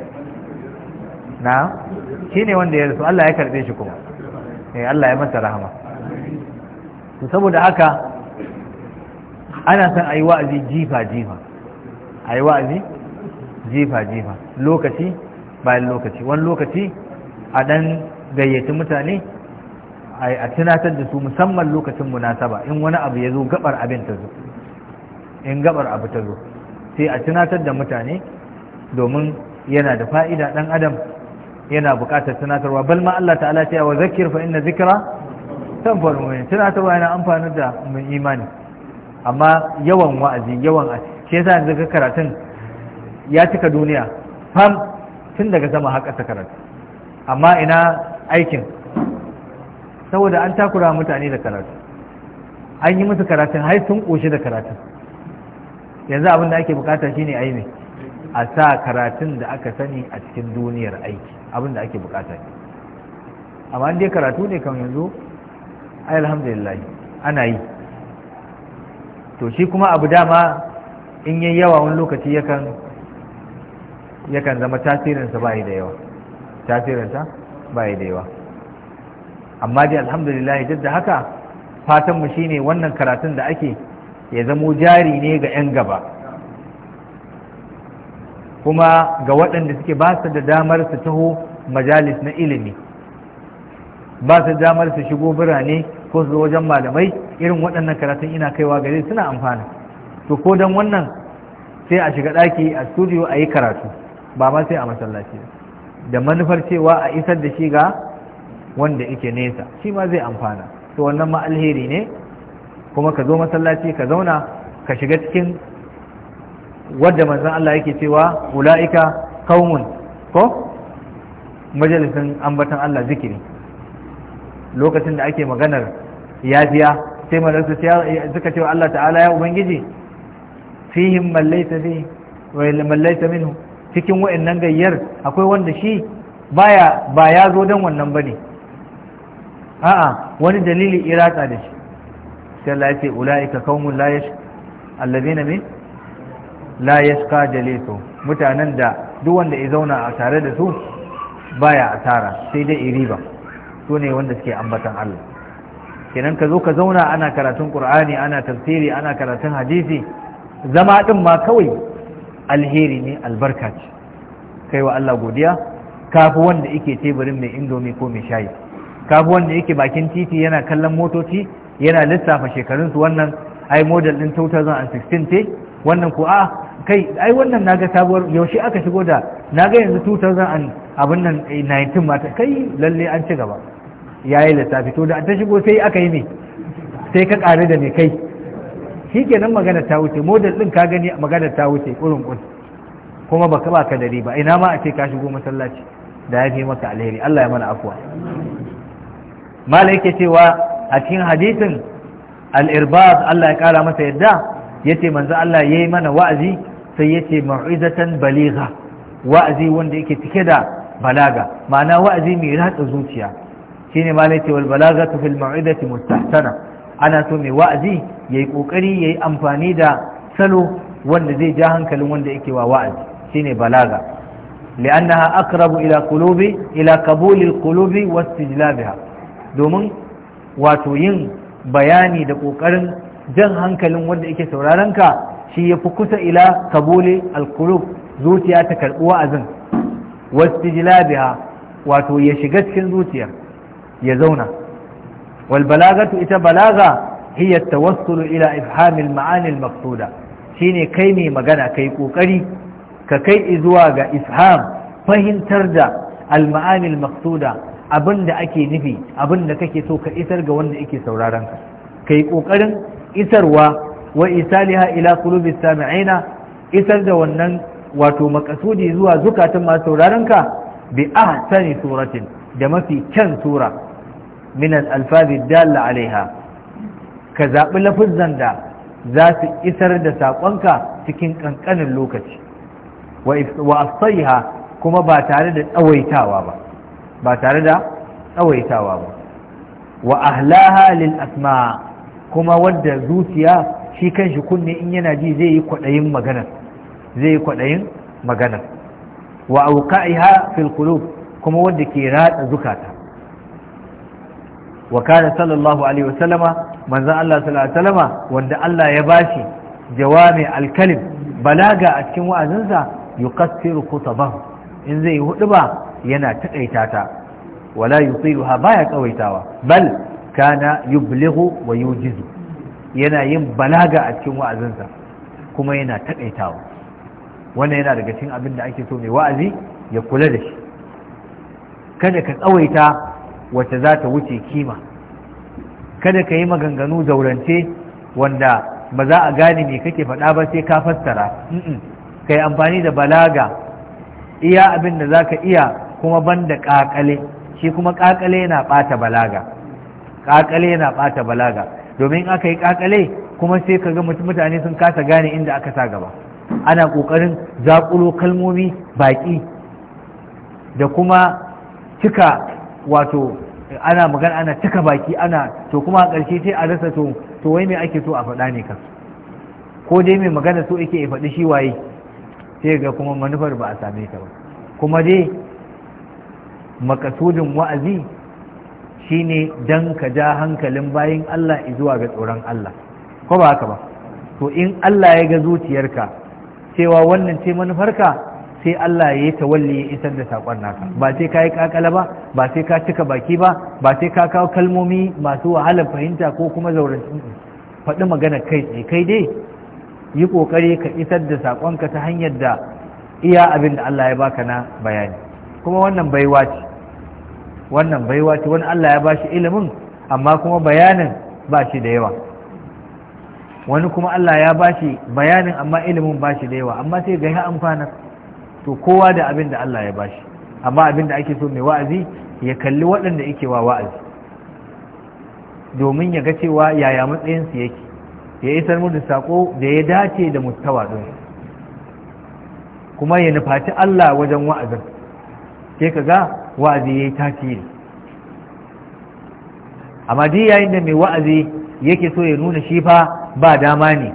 na shi ne wanda ya rasu Allah ya karbe shi kuma eh Allah ya masa rahama to saboda haka ana son a yi wa'azi jifa jifa a yi wa'azi jifa-jifa lokaci bayan lokaci wani lokaci a ɗan gayyaci mutane a tunatar da su musamman lokacin munasaba in wani abu ya zo gabar abin ta zo in gabar abu ta zo sai a tunatar da mutane domin yana da fa'ida ɗan adam yana buƙatar tunatarwa bal ma Allah ta'ala ta yawa zakir fa inna zikra tanfa'ul mu'min tunatarwa yana amfanar da mun imani amma yawan wa'azi yawan a shi yasa yanzu ga karatun ya cika duniya fam tun daga sama har ta karatu amma ina aikin saboda an takura mutane da karatu an yi musu karatun har sun ƙoshi da karatun yanzu abin da ake bukata shine ai ne a sa karatun da aka sani a cikin duniyar aiki abin da ake bukata amma an karatu ne kan yanzu ai alhamdulillah ana yi to shi kuma abu dama in yi yawa wani lokaci yakan zama tasirinsa ba da yawa tasirinsa ba da yawa amma dai alhamdulillah duk da haka fatanmu shine wannan karatun da ake ya zamo jari ne ga 'yan gaba kuma ga waɗanda suke ba su da damar su taho majalis na ilimi ba su damar su shigo birane ko su wajen malamai irin waɗannan karatun ina kaiwa gare suna amfana to ko don wannan sai a shiga ɗaki a studio a yi karatu ba ma sai a masallaci da manufar cewa a isar da shi ga wanda yake nesa shi ma zai amfana to wannan ma alheri ne kuma ka zo masallaci ka zauna ka shiga cikin wadda manzon Allah yake cewa ula'ika qaumun ko majalisin ambatan Allah zikiri lokacin da ake maganar yafiya sai madarsa suka cewa Allah ta'ala ya ubangiji fihim mallaita fihi wa mallaita minhu cikin wa'annan gayyar akwai wanda shi baya ba ya zo dan wannan bane a'a wani dalili iraka da shi sai Allah ya ce ulaika qaumun la yash alladhina min la yashqa jalisu mutanen da duk wanda ya zauna a tare da su baya asara sai dai iriba su ne wanda suke ambatan Allah kenan ka zo ka zauna ana karatun qur'ani ana tafsiri ana karatun hadisi zama ɗin ma kawai alheri ne albarka ce kai wa Allah godiya kafi wanda yake teburin mai indomi ko mai shayi kafi wanda yake bakin titi yana kallon motoci yana lissafa shekarunsu wannan ai model ɗin 2016 ce wannan ko a kai ai wannan naga sabuwar yaushe aka shigo da naga yanzu 2000 abin nan 19 mata kai lalle an ci gaba yayi lissafi to da ta shigo sai aka yi ne sai ka ƙare da me kai kenan magana ta wuce model ɗin ka gani magana ta wuce ƙurin kurin kuma baka ka da ba. ina ma a ce ka shigo masallaci da ya fi maka alheri Allah ya mana afuwa mala yake cewa a cikin hadisin al-irbad Allah ya kara masa yadda yace manzo Allah yayi mana wa'azi sai yace mau'izatan baligha wa'azi wanda yake cike da balaga ma'ana wa'azi mai ratsa zuciya shine mala yace wal balagatu fil mau'izati mustahsana ana so mai wa'azi ya yi ƙoƙari ya yi amfani da salo wanda zai ja hankalin wanda yake wa wa'azi shine balaga li'annaha aqrabu ila qulubi ila qabuli qulubi wastijlabiha domin wato yin bayani da ƙoƙarin jan hankalin wanda yake sauraron ka shi yafi kusa ila qabuli alqulub zuciya ta karɓi wa'azin wastijlabiha wato ya shiga cikin zuciya ya zauna wal balagatu ita balaga hiya tawassulu ila ifhamil ma'ani al maqsuda shine kai mai magana kai ƙoƙari? ka kai zuwa ga ifham fahimtar da al ma'ani al maqsuda abinda ake nufi abinda kake so ka isar ga wanda yake sauraron kai kokarin isarwa wa isaliha ila qulubi sami'ina isar da wannan wato makasudi zuwa zukatan masu sauraron ka bi ahsani suratin da mafi can sura min al dalla alaiha ka zaɓi lafuzan da za su isar da saƙonka cikin ƙanƙanin lokaci wa asaiha kuma ba tare da tsawaitawa ba ba tare da tsawaitawa ba wa ahlaha lil asma kuma wadda zuciya shi kanshi kunne in yana ji zai yi kwaɗayin magana zai yi kwaɗayin magana wa aukaiha fil qulub kuma wadda ke ratsa zukata wa kana sallallahu alaihi wasallama manzon Allah sallallahu alaihi wasallama wanda Allah ya bashi jawami alkalim balaga a cikin wa'azinsa yukassiru khutabahu in zai hudu ba yana takaita ta wala yutiluha baya kawaitawa bal kana yublighu wa yujizu yana yin balaga a cikin wa'azinsa kuma yana takaitawa wannan yana daga cikin abin da ake so mai wa'azi ya kula da shi kada ka tsawaita wacce za ta wuce kima kada ka yi maganganu zaurance wanda ba za a gane me kake faɗa ba sai ka fassara ka yi amfani da balaga iya abin da za ka iya kuma banda ƙaƙale shi kuma ƙaƙale yana ɓata balaga ƙaƙale yana ɓata balaga domin aka yi ƙaƙale kuma sai ka ga mutane sun kasa gane inda aka sa gaba ana ƙoƙarin zaƙulo kalmomi baƙi da kuma cika wato ana magana ana cika baki ana to kuma a ƙarshe sai a rasa to to wai me ake so a faɗa ne ka. ko dai mai magana so yake ya faɗi shi waye sai ga kuma manufar ba a same ta ba kuma dai makasudin wa'azi shine dan ka ja hankalin bayin Allah zuwa ga tsoron Allah ko ba haka ba to in Allah ya ga zuciyarka cewa wannan ce manufarka sai Allah ya yi tawalli ya isar da saƙon naka ba sai ka yi kakala ba ba sai ka cika baki ba ba sai ka kawo kalmomi masu wahalar fahimta ko kuma zaurancin faɗi magana kai tsaye kai dai yi ƙoƙari ka isar da saƙonka ta hanyar da iya abin da Allah ya baka na bayani kuma wannan baiwa ce wannan baiwa ce wani Allah ya bashi ilimin amma kuma bayanin ba shi da yawa wani kuma Allah ya bashi bayanin amma ilimin ba shi da yawa amma sai ga ya amfanar to kowa da abin da Allah ya bashi amma abin da ake so mai wa'azi ya kalli waɗanda yake wa wa'azi domin ya ga cewa yaya matsayinsu yake ya isar mu da sako da ya dace da mustawa ɗin kuma ya nufaci Allah wajen wa'azin sai ka ga wa'azi ya yi tasiri amma duk yayin da mai wa'azi yake so ya nuna shi fa ba dama ne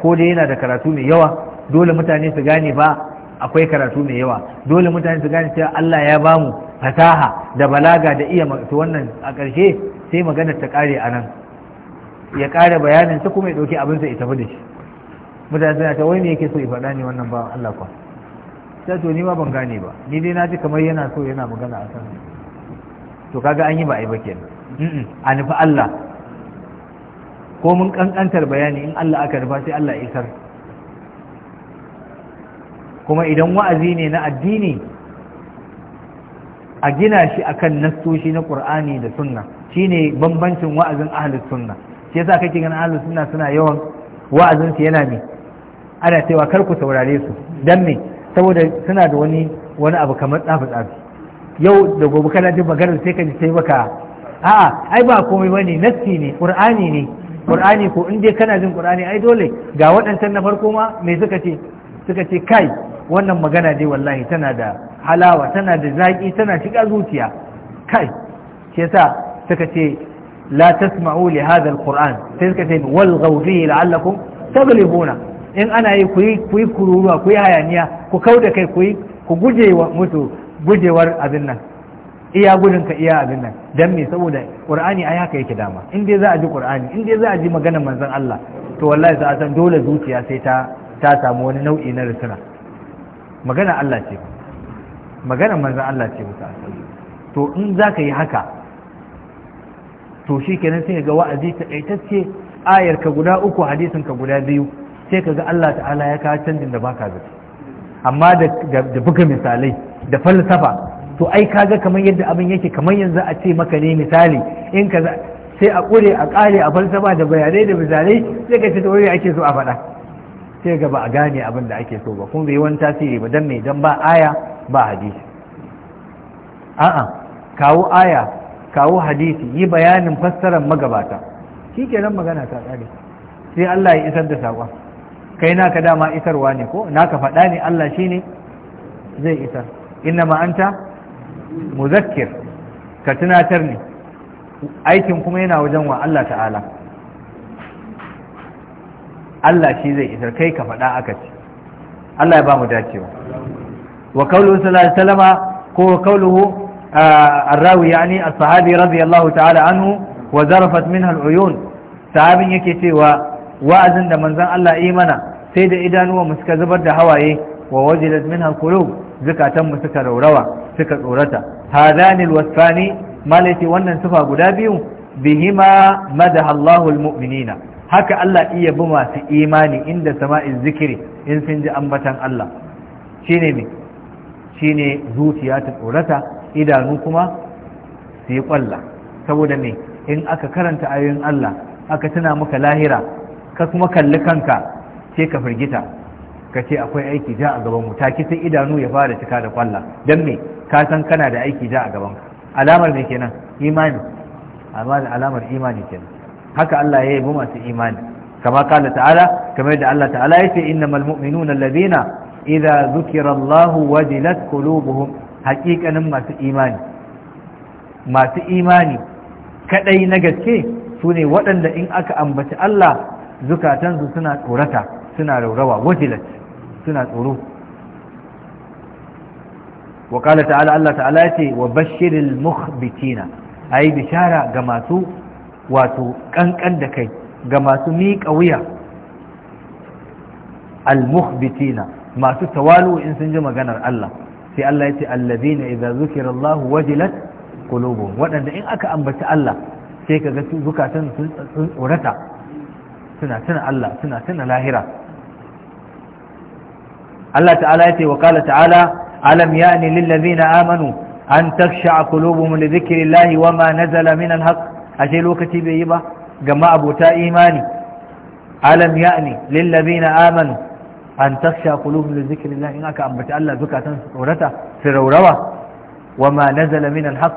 ko dai yana da karatu mai yawa dole mutane su gane ba akwai karatu mai yawa dole mutane su gane cewa Allah ya bamu fasaha da balaga da iya to wannan a ƙarshe sai maganar ta ƙare a nan ya ƙare bayanin ta kuma ya ɗauki abin sa ya tafi da shi mutane suna ta wani yake so ya faɗa ni wannan ba Allah kwa ta to ni ma ban gane ba ni dai na ji kamar yana so yana magana a kan to kaga an yi ba a yi ba kenan a nufi Allah ko mun kankantar bayani in Allah aka nufa sai Allah isar kuma idan wa'azi ne na addini a gina shi a kan nassoshi na ƙur'ani da sunna shine bambancin wa'azin ahlus sunna shi yasa kake ganin ahlus sunna suna yawan wa'azin su yana ne ana cewa kar ku saurare su dan me saboda suna da wani wani abu kamar tsafi tsafi yau da gobe kana jin maganar sai ka ji sai baka a'a ai ba komai bane nassi ne ƙur'ani ne Ƙur'ani ko in dai kana jin ƙur'ani, ai dole ga waɗancan na farko ma me suka ce suka ce kai wannan magana dai wallahi tana da halawa tana da zaƙi tana shiga zuciya kai shi sa suka ce la tasma'u li hadha alquran sai suka ce wal ghawfi la'allakum taglibuna in ana yi ku yi kururuwa ku yi hayaniya ku kauda kai ku yi ku guje wa mutu gujewar abin nan iya gudun ka iya abin nan dan me saboda qur'ani ai haka yake dama in dai za a ji qur'ani in dai za a ji maganar manzon Allah to wallahi za a san dole zuciya sai ta ta samu wani nau'i na risala magana Allah ce magana manzan Allah ce ba to in za ka yi haka to shi kenan sai ga wa'azi ta ƙaitacce ayar ka guda uku hadisin ka guda biyu sai ka ga Allah ta'ala ya kawo canjin da baka ga amma da buga misalai da falsafa to ai ka ga kamar yadda abin yake kamar yanzu a ce maka ne misali in ka sai a ƙure a kare a falsafa da bayanai da misalai sai ka ce ta wuri ake so a faɗa sai gaba a gane abin da ake so ba kuma bai wani tasiri ba dan me dan ba aya ba hadisi a'a kawo aya kawo hadisi yi bayanin fassarar magabata ke nan magana ta tsare sai Allah ya isar da sakon kai naka dama isarwa ne ko naka faɗa ne Allah shi ne zai isar inna ma anta muzakkir ka tunatar ne aikin kuma yana wajen wa Allah ta'ala Allah shi zai isar kai ka faɗa aka ce Allah ya ba mu dacewa wa kaulu sallallahu alaihi ko kauluhu arrawi yani as-sahabi radiyallahu ta'ala anhu wa zarafat minha al-uyun sahabin yake cewa wa'azin da manzon Allah yi mana sai da idanuwa mu suka zubar da hawaye wa wajilat minha al-qulub zakatan mu suka raurawa suka tsorata hadani al-wasfani malati wannan sifa guda biyu bihima madaha Allahu al-mu'minina haka Allah iya bi masu imani inda sama'in zikiri in sun ji ambatan Allah shine ne shine zuciya ta tsorata idanu kuma su yi kwalla saboda me in aka karanta ayoyin Allah aka tuna maka lahira ka kuma kalli kanka ce ka firgita ka ce akwai aiki ja a gaban mu taki sai idanu ya fara cika da kwalla dan me ka san kana da aiki ja a gaban ka alamar me kenan imani alamar imani kenan haka Allah ya yabi masu imani kama kala ta'ala kamar da Allah ta'ala ya ce innamal mu'minuna alladhina idza dhukira Allah wajilat qulubuhum haqiqanin masu imani masu imani kadai na gaske su ne waɗanda in aka ambaci Allah zukatansu suna tsorata suna raurawa wajilat suna tsoro wa kala ta'ala Allah ta'ala ya ce wa bashiril mukhbitina ayi bishara ga masu wato kankan da kai ga masu miƙa wuya al-mukhbitina masu tawalu in sun ji maganar Allah sai Allah ya ce allazina idza zukira Allah wajilat qulubuhum waɗanda in aka ambaci Allah sai kaga su zukatan sun tsorata suna tuna Allah suna tuna lahira Allah ta'ala ya ce wa qala ta'ala alam ya'ni lil ladina amanu an taksha'a qulubuhum li dhikri Allah wa ma nazala min al-haqq ashe lokaci bai yi ba ga ma'abota imani alam ya'ni na amanu an tasha da zikirin dhikrillah in aka ambata Allah zukatan su tsorata su raurawa wa ma nazala min alhaq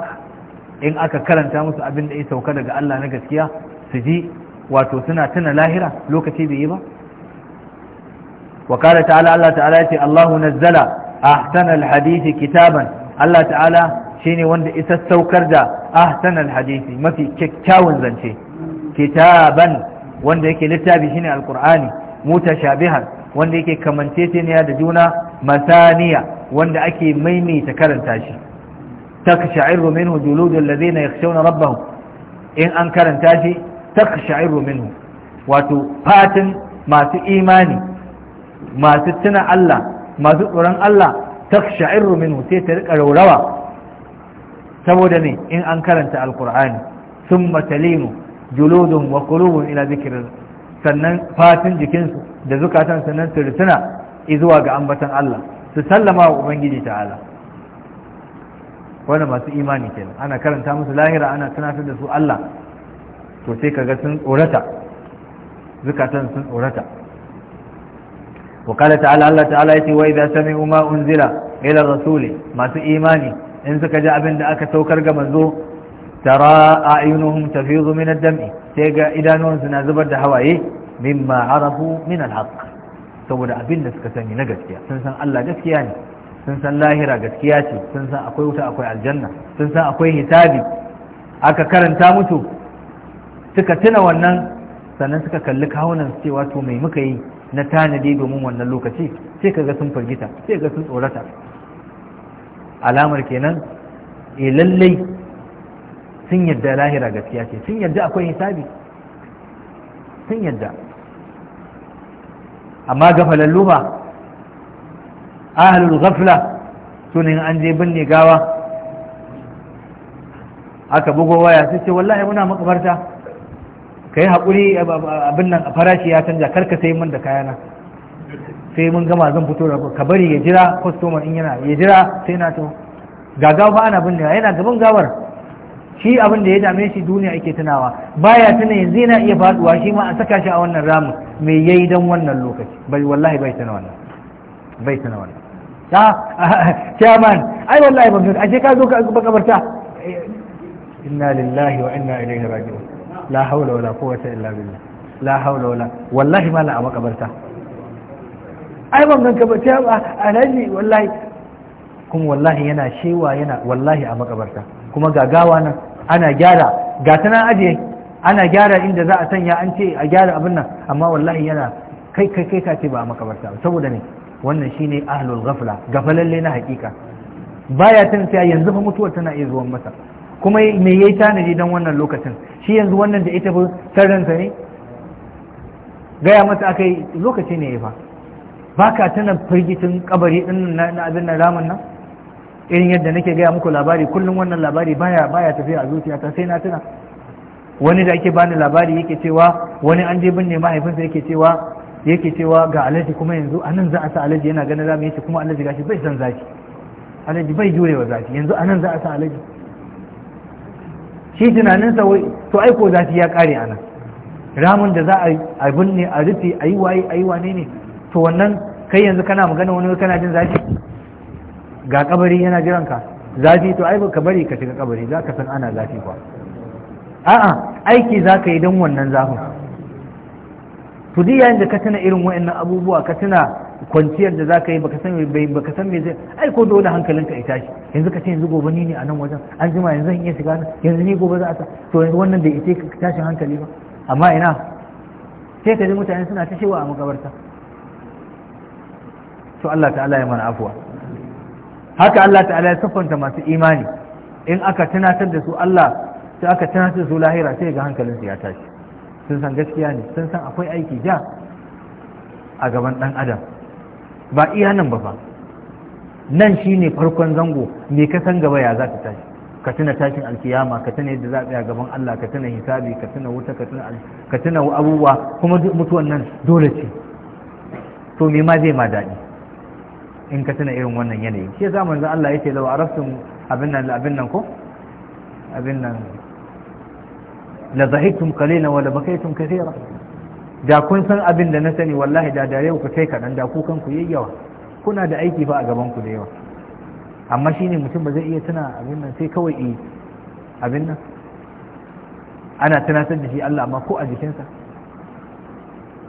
in aka karanta musu abin da ya sauka daga Allah na gaskiya su ji wato suna tuna lahira lokaci bai yi ba wa qala ta'ala Allah ta'ala ya ce Allahu nazzala ahsana alhadisi kitaban Allah ta'ala ne wanda isa saukar da ahsanal hadisi mafi kyakkyawan zance kitaban wanda yake littafi shine alqur'ani mutashabihan wanda yake kamanceceniya da juna masaniya wanda ake maimaita karanta shi taksha'irru minhu juludul ladina yakhshawna rabbahum in an karanta shi taksha'irru minhu wato fatin masu imani masu tuna Allah masu tsoron Allah taksha'irru minhu sai ta rika raurawa saboda ne in an karanta alkur'ani sun matalinu juludun wa kulubun ila zikirin sannan fatin jikinsu da zukatan sannan su risuna izuwa ga ambatan Allah su sallama wa ubangiji ta'ala wanda masu imani kenan ana karanta musu lahira ana tunatar da su Allah to sai kaga sun tsorata zukatan sun tsorata وقال تعالى ta'ala تعالى ce wa سمعوا sami أنزل unzila ila rasuli masu imani. in suka ji abin da aka saukar ga manzo tara a'yunuhum tafizu min ad-dam'i sai ga idanuwansu na zubar da hawaye mimma arafu min al-haqq saboda abin da suka sani na gaskiya sun san Allah gaskiya ne sun san lahira gaskiya ce sun san akwai wuta akwai aljanna sun san akwai hisabi aka karanta mutu suka tuna wannan sannan suka kalli kawunan cewa to mai muka yi na tanadi domin wannan lokaci sai kaga sun firgita sai kaga sun tsorata alamar kenan e lallai sun yadda lahira gaskiya ce sun yadda akwai hisabi sun yadda amma gafalallu ba ahalul ghafla sunan an je binne gawa aka bugo waya sai ce wallahi muna makabarta ka yi haƙuri abin nan farashi ya canja karka sai min da kayana sai mun gama zan fito da ka bari ya jira kwastoma in yana ya jira sai na to gagawa ba ana binne yana gaban gawar shi abin da ya dame shi duniya ake tunawa baya tuna yanzu yana iya faduwa shi ma a saka shi a wannan ramin me yayi dan wannan lokaci bai wallahi bai tana wannan bai tana wannan ta chairman ai wallahi ban tuna ashe ka zo ka kabarta inna lillahi wa inna ilaihi raji'un la hawla wala quwwata illa billah la hawla wala wallahi ma la a makabarta ai ban ganka ba ta alhaji wallahi kuma wallahi yana shewa yana wallahi a makabarta kuma ga gawa nan ana gyara ga ta nan ajiye ana gyara inda za a sanya an ce a gyara abin nan amma wallahi yana kai kai kai ka ce ba a makabarta saboda ne wannan shine ahlul ghafla gafalalle na hakika baya tun sai yanzu fa mutuwar tana iya zuwan masa kuma me yayi tanaji dan wannan lokacin shi yanzu wannan da ita fa sarranta ne gaya masa akai lokaci ne ya fa ba ka tana firgitin kabari din na abin nan ramin nan irin yadda nake gaya muku labari kullum wannan labari baya baya tafiya a zuciyata sai na tuna wani da ake bani labari yake cewa wani an je binne mahaifinsa yake cewa yake cewa ga alaji kuma yanzu anan za a sa alaji yana ganin zamu yace kuma alaji gashi bai san zaki alaji bai jurewa zaki yanzu anan za a sa alaji shi tunaninsa wai to aiko zafi ya kare anan ramin da za a binne a rufe a yi waye a yi wane ne to wannan kai yanzu kana magana wani wani kana jin zafi ga kabari yana jiranka. zafi to ai ka bari ka shiga kabari za ka san ana zafi kuwa a'a aiki za ka yi don wannan zafin to duk yayin da ka tuna irin wa'annan abubuwa ka tuna kwanciyar da za ka yi baka san bai baka san me zai ai ko dole hankalinka ya tashi yanzu ka ce yanzu gobe ni ne a nan wajen an jima yanzu zan iya shiga nan yanzu ni gobe za a sa to yanzu wannan bai ita ka tashin hankali ba amma ina sai ka ji mutane suna ta shewa a makabarta to Allah ta'ala ya mana afuwa haka Allah ta'ala ya siffanta masu imani in aka tunatar da su Allah sai aka tunatar da su lahira sai ga hankalin su ya tashi sun san gaskiya ne sun san akwai aiki ja a gaban dan adam ba iya nan ba fa nan shine farkon zango me ka san gaba ya za ta tashi ka tuna tashin alkiyama ka tuna yadda za a gaban Allah ka tuna hisabi ka tuna wuta ka tuna ka tuna abubuwa kuma mutuwan nan dole ce to me ma zai ma daɗi in ka tuna irin wannan yanayi shi yasa manzo Allah yake law araftum abin nan abin nan ko abin nan la zahiktum qalilan wa la bakaytum kathira da kun san abin da na sani wallahi da dare ku kai kadan da kukan ku yawa. kuna da aiki ba a gaban ku da yawa amma shine mutum ba zai iya tuna abin nan sai kawai eh abin nan ana tunatar da shi Allah amma ko a jikinsa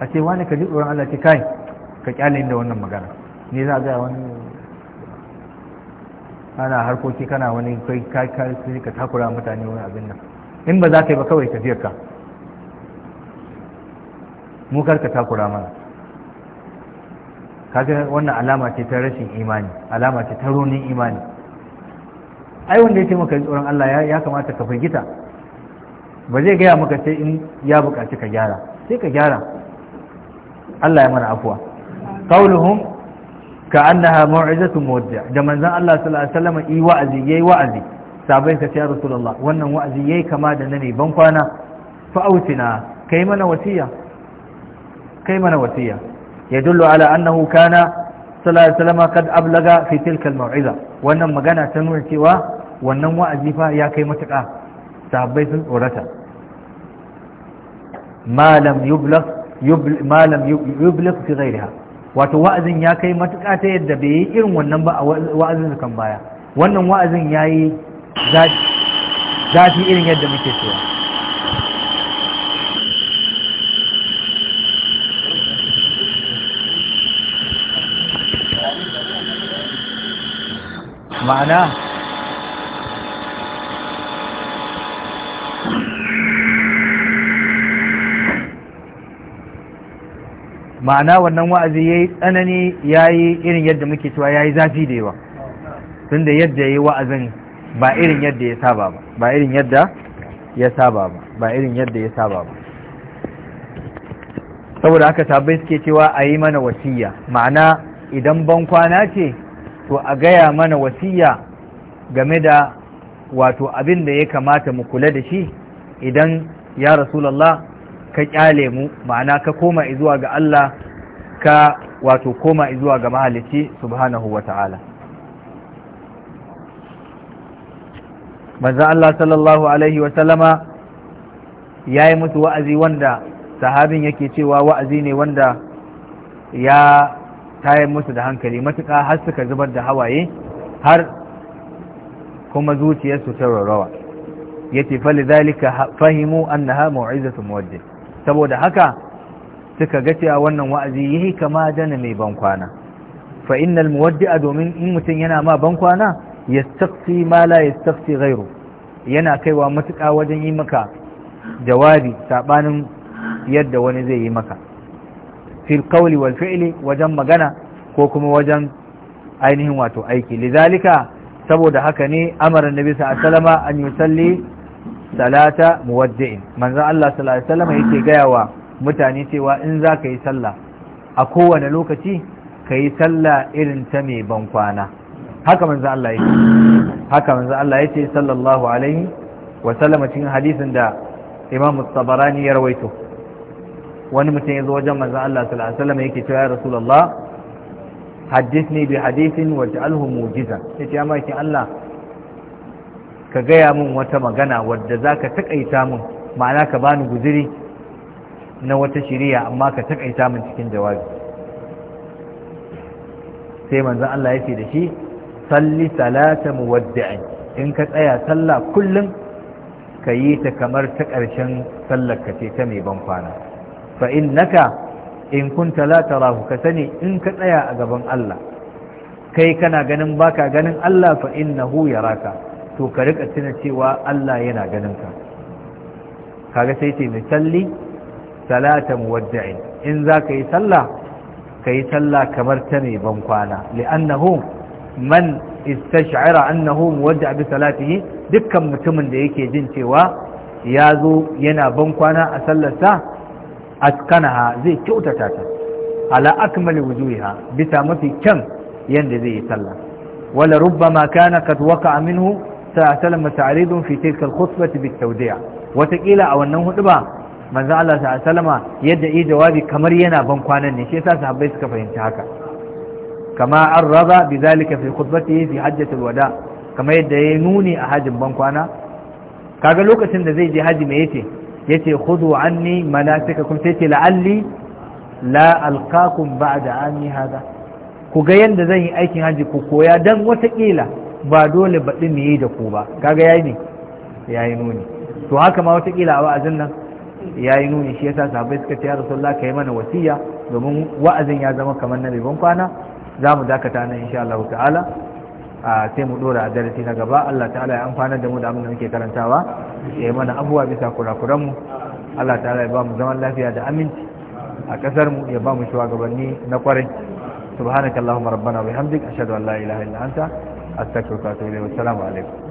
a ce wani ka ji tsoron Allah ce kai ka kyale da wannan magana ne za ga wani ana harkoki kana wani kai kai kai kai ka takura mutane wani abin nan in ba za ka yi ba kawai tafiyar ka mu kar ka takura mana kaga wannan alama ce ta rashin imani alama ce ta ronin imani ai wanda ya maka tsoron Allah ya kamata ka firgita ba zai gaya maka sai in ya buƙaci ka gyara sai ka gyara Allah ya mana afuwa qauluhum ka annaha mu'izatu muwaddi da manzon Allah sallallahu alaihi wasallam yi wa'azi yayi wa'azi sabai ka ya rasulullah wannan wa'azi ya yi kama da na ne ban kwana fa autina kai mana wasiya kai mana wasiya yadullu ala annahu kana sallallahu alaihi wasallam kad ablaga fi tilka al-mau'iza wannan magana ta nuna cewa wannan wa'azi fa ya kai matuƙa sahabbai sun tsorata malam lam yublagh ma fi ghayriha wato wa'azin ya kai matuƙa ta yadda bai yi irin wannan ba a wa'azin kan baya wannan wa'azin ya yi zafi irin yadda muke cewa ma'ana ma'ana wannan wa'azi ya yi tsanani ya yi irin yadda muke cewa ya yi zafi da yawa da yadda yi wa'azin ba irin yadda ya saba ba ba irin yadda ya saba ba ba irin yadda ya saba ba saboda haka sabai suke cewa a yi mana wasiya ma'ana idan ban kwana ce to a gaya mana wasiya game da wato abin da ya kamata mu kula da shi idan ya rasulallah ka kyale mu ma'ana ka koma zuwa ga Allah ka wato koma zuwa ga mahalicci subhanahu wa ta'ala manzan Allah sallallahu alaihi wasallama ya yi musu wa'azi wanda sahabin yake cewa wa'azi ne wanda ya tayar musu da hankali matuƙa har suka zubar da hawaye har kuma zuciyarsu ta rarrawa yace fali zalika fahimu annaha mau'izatu muwajjih saboda haka suka ga cewa wannan wa'azi yayi kama dana mai bankwana fa innal muwaddi'a domin in mutum yana ma bankwana yastaqsi ma la yastaqsi ghairu yana kaiwa matuka wajen yi maka jawabi sabanin yadda wani zai yi maka fil qawli wal fi'li wajen magana ko kuma wajen ainihin wato aiki lidhalika saboda haka ne amara nabi sallallahu alaihi wasallama an yusalli salata muwaddi'in manzon Allah sallallahu alaihi wasallam yake gaya wa mutane cewa in za ka yi sallah a kowane lokaci ka yi sallah irin ta mai bankwana. haka manzon Allah yake haka manzon Allah yake sallallahu alaihi wa sallam cikin hadisin da Imam Tabarani ya rawaito wani mutum ya zo wajen manzon Allah sallallahu alaihi wasallam yake cewa ya Rasulullah haddithni bi hadithin waj'alhu mujizan yace amma yake Allah ka gaya min wata magana wadda za ka taƙaita min ma'ana ka bani guziri na wata shiriya amma ka taƙaita min cikin jawabi sai manzan Allah ya ce da shi salli salata muwaddi'in in ka tsaya sallah kullum ka yi ta kamar ta ƙarshen sallar ka ce ta mai ban kwana fa naka, in kun talata rahu, ka sani in ka tsaya a gaban Allah kai kana ganin baka ganin Allah fa innahu yaraka to ka rika tuna cewa Allah yana ganin ka kaga sai ce salli salatan muwaddi'in in za ka yi sallah ka yi sallah kamar ta mai ban kwana li'annahu man istash'ara annahu muwaddi' bi salatihi dukkan mutumin da yake jin cewa ya zo yana ban kwana a sallarsa askanaha zai kyautata ta ala akmali wujuhiha bisa mafi kyan yanda zai yi sallah wala rubbama kana kad waqa'a minhu sa salama ta'aridun fi tilka al-khutbati bitawdi'a watakila a wannan huduba manzo Allah sa salama yadda yi jawabi kamar yana ban kwanan ne shi sahabai sahabbai suka fahimta haka kama arraba bidhalika fi khutbatihi fi hajjatul wada kama yadda ya nuni a hajjin ban kwana kaga lokacin da zai je haji me yace yace khudhu anni manasikakum tace la'alli la alqakum ba'da ami ku ga yadda zan yi aikin haji ku koya dan watakila ba dole baɗi mu yi da ku ba kaga yayi ne yayi nuni to haka ma watakila a wa'azin nan yayi nuni shi yasa sahabbai suka ce ya rasulullah kai mana wasiya domin wa'azin ya zama kamar na ban kwana za mu dakata nan insha Allah ta'ala sai mu dora a darasi na gaba Allah ta'ala ya amfana da mu da abin muke karantawa ya yi mana abubuwa bisa kurakuran mu Allah ta'ala ya ba mu zaman lafiya da aminci a kasar mu ya ba mu shugabanni na kwarai subhanakallahumma rabbana wa bihamdik ashhadu an la ilaha illa anta astaghfiruka wa atubu ilayk assalamu alaikum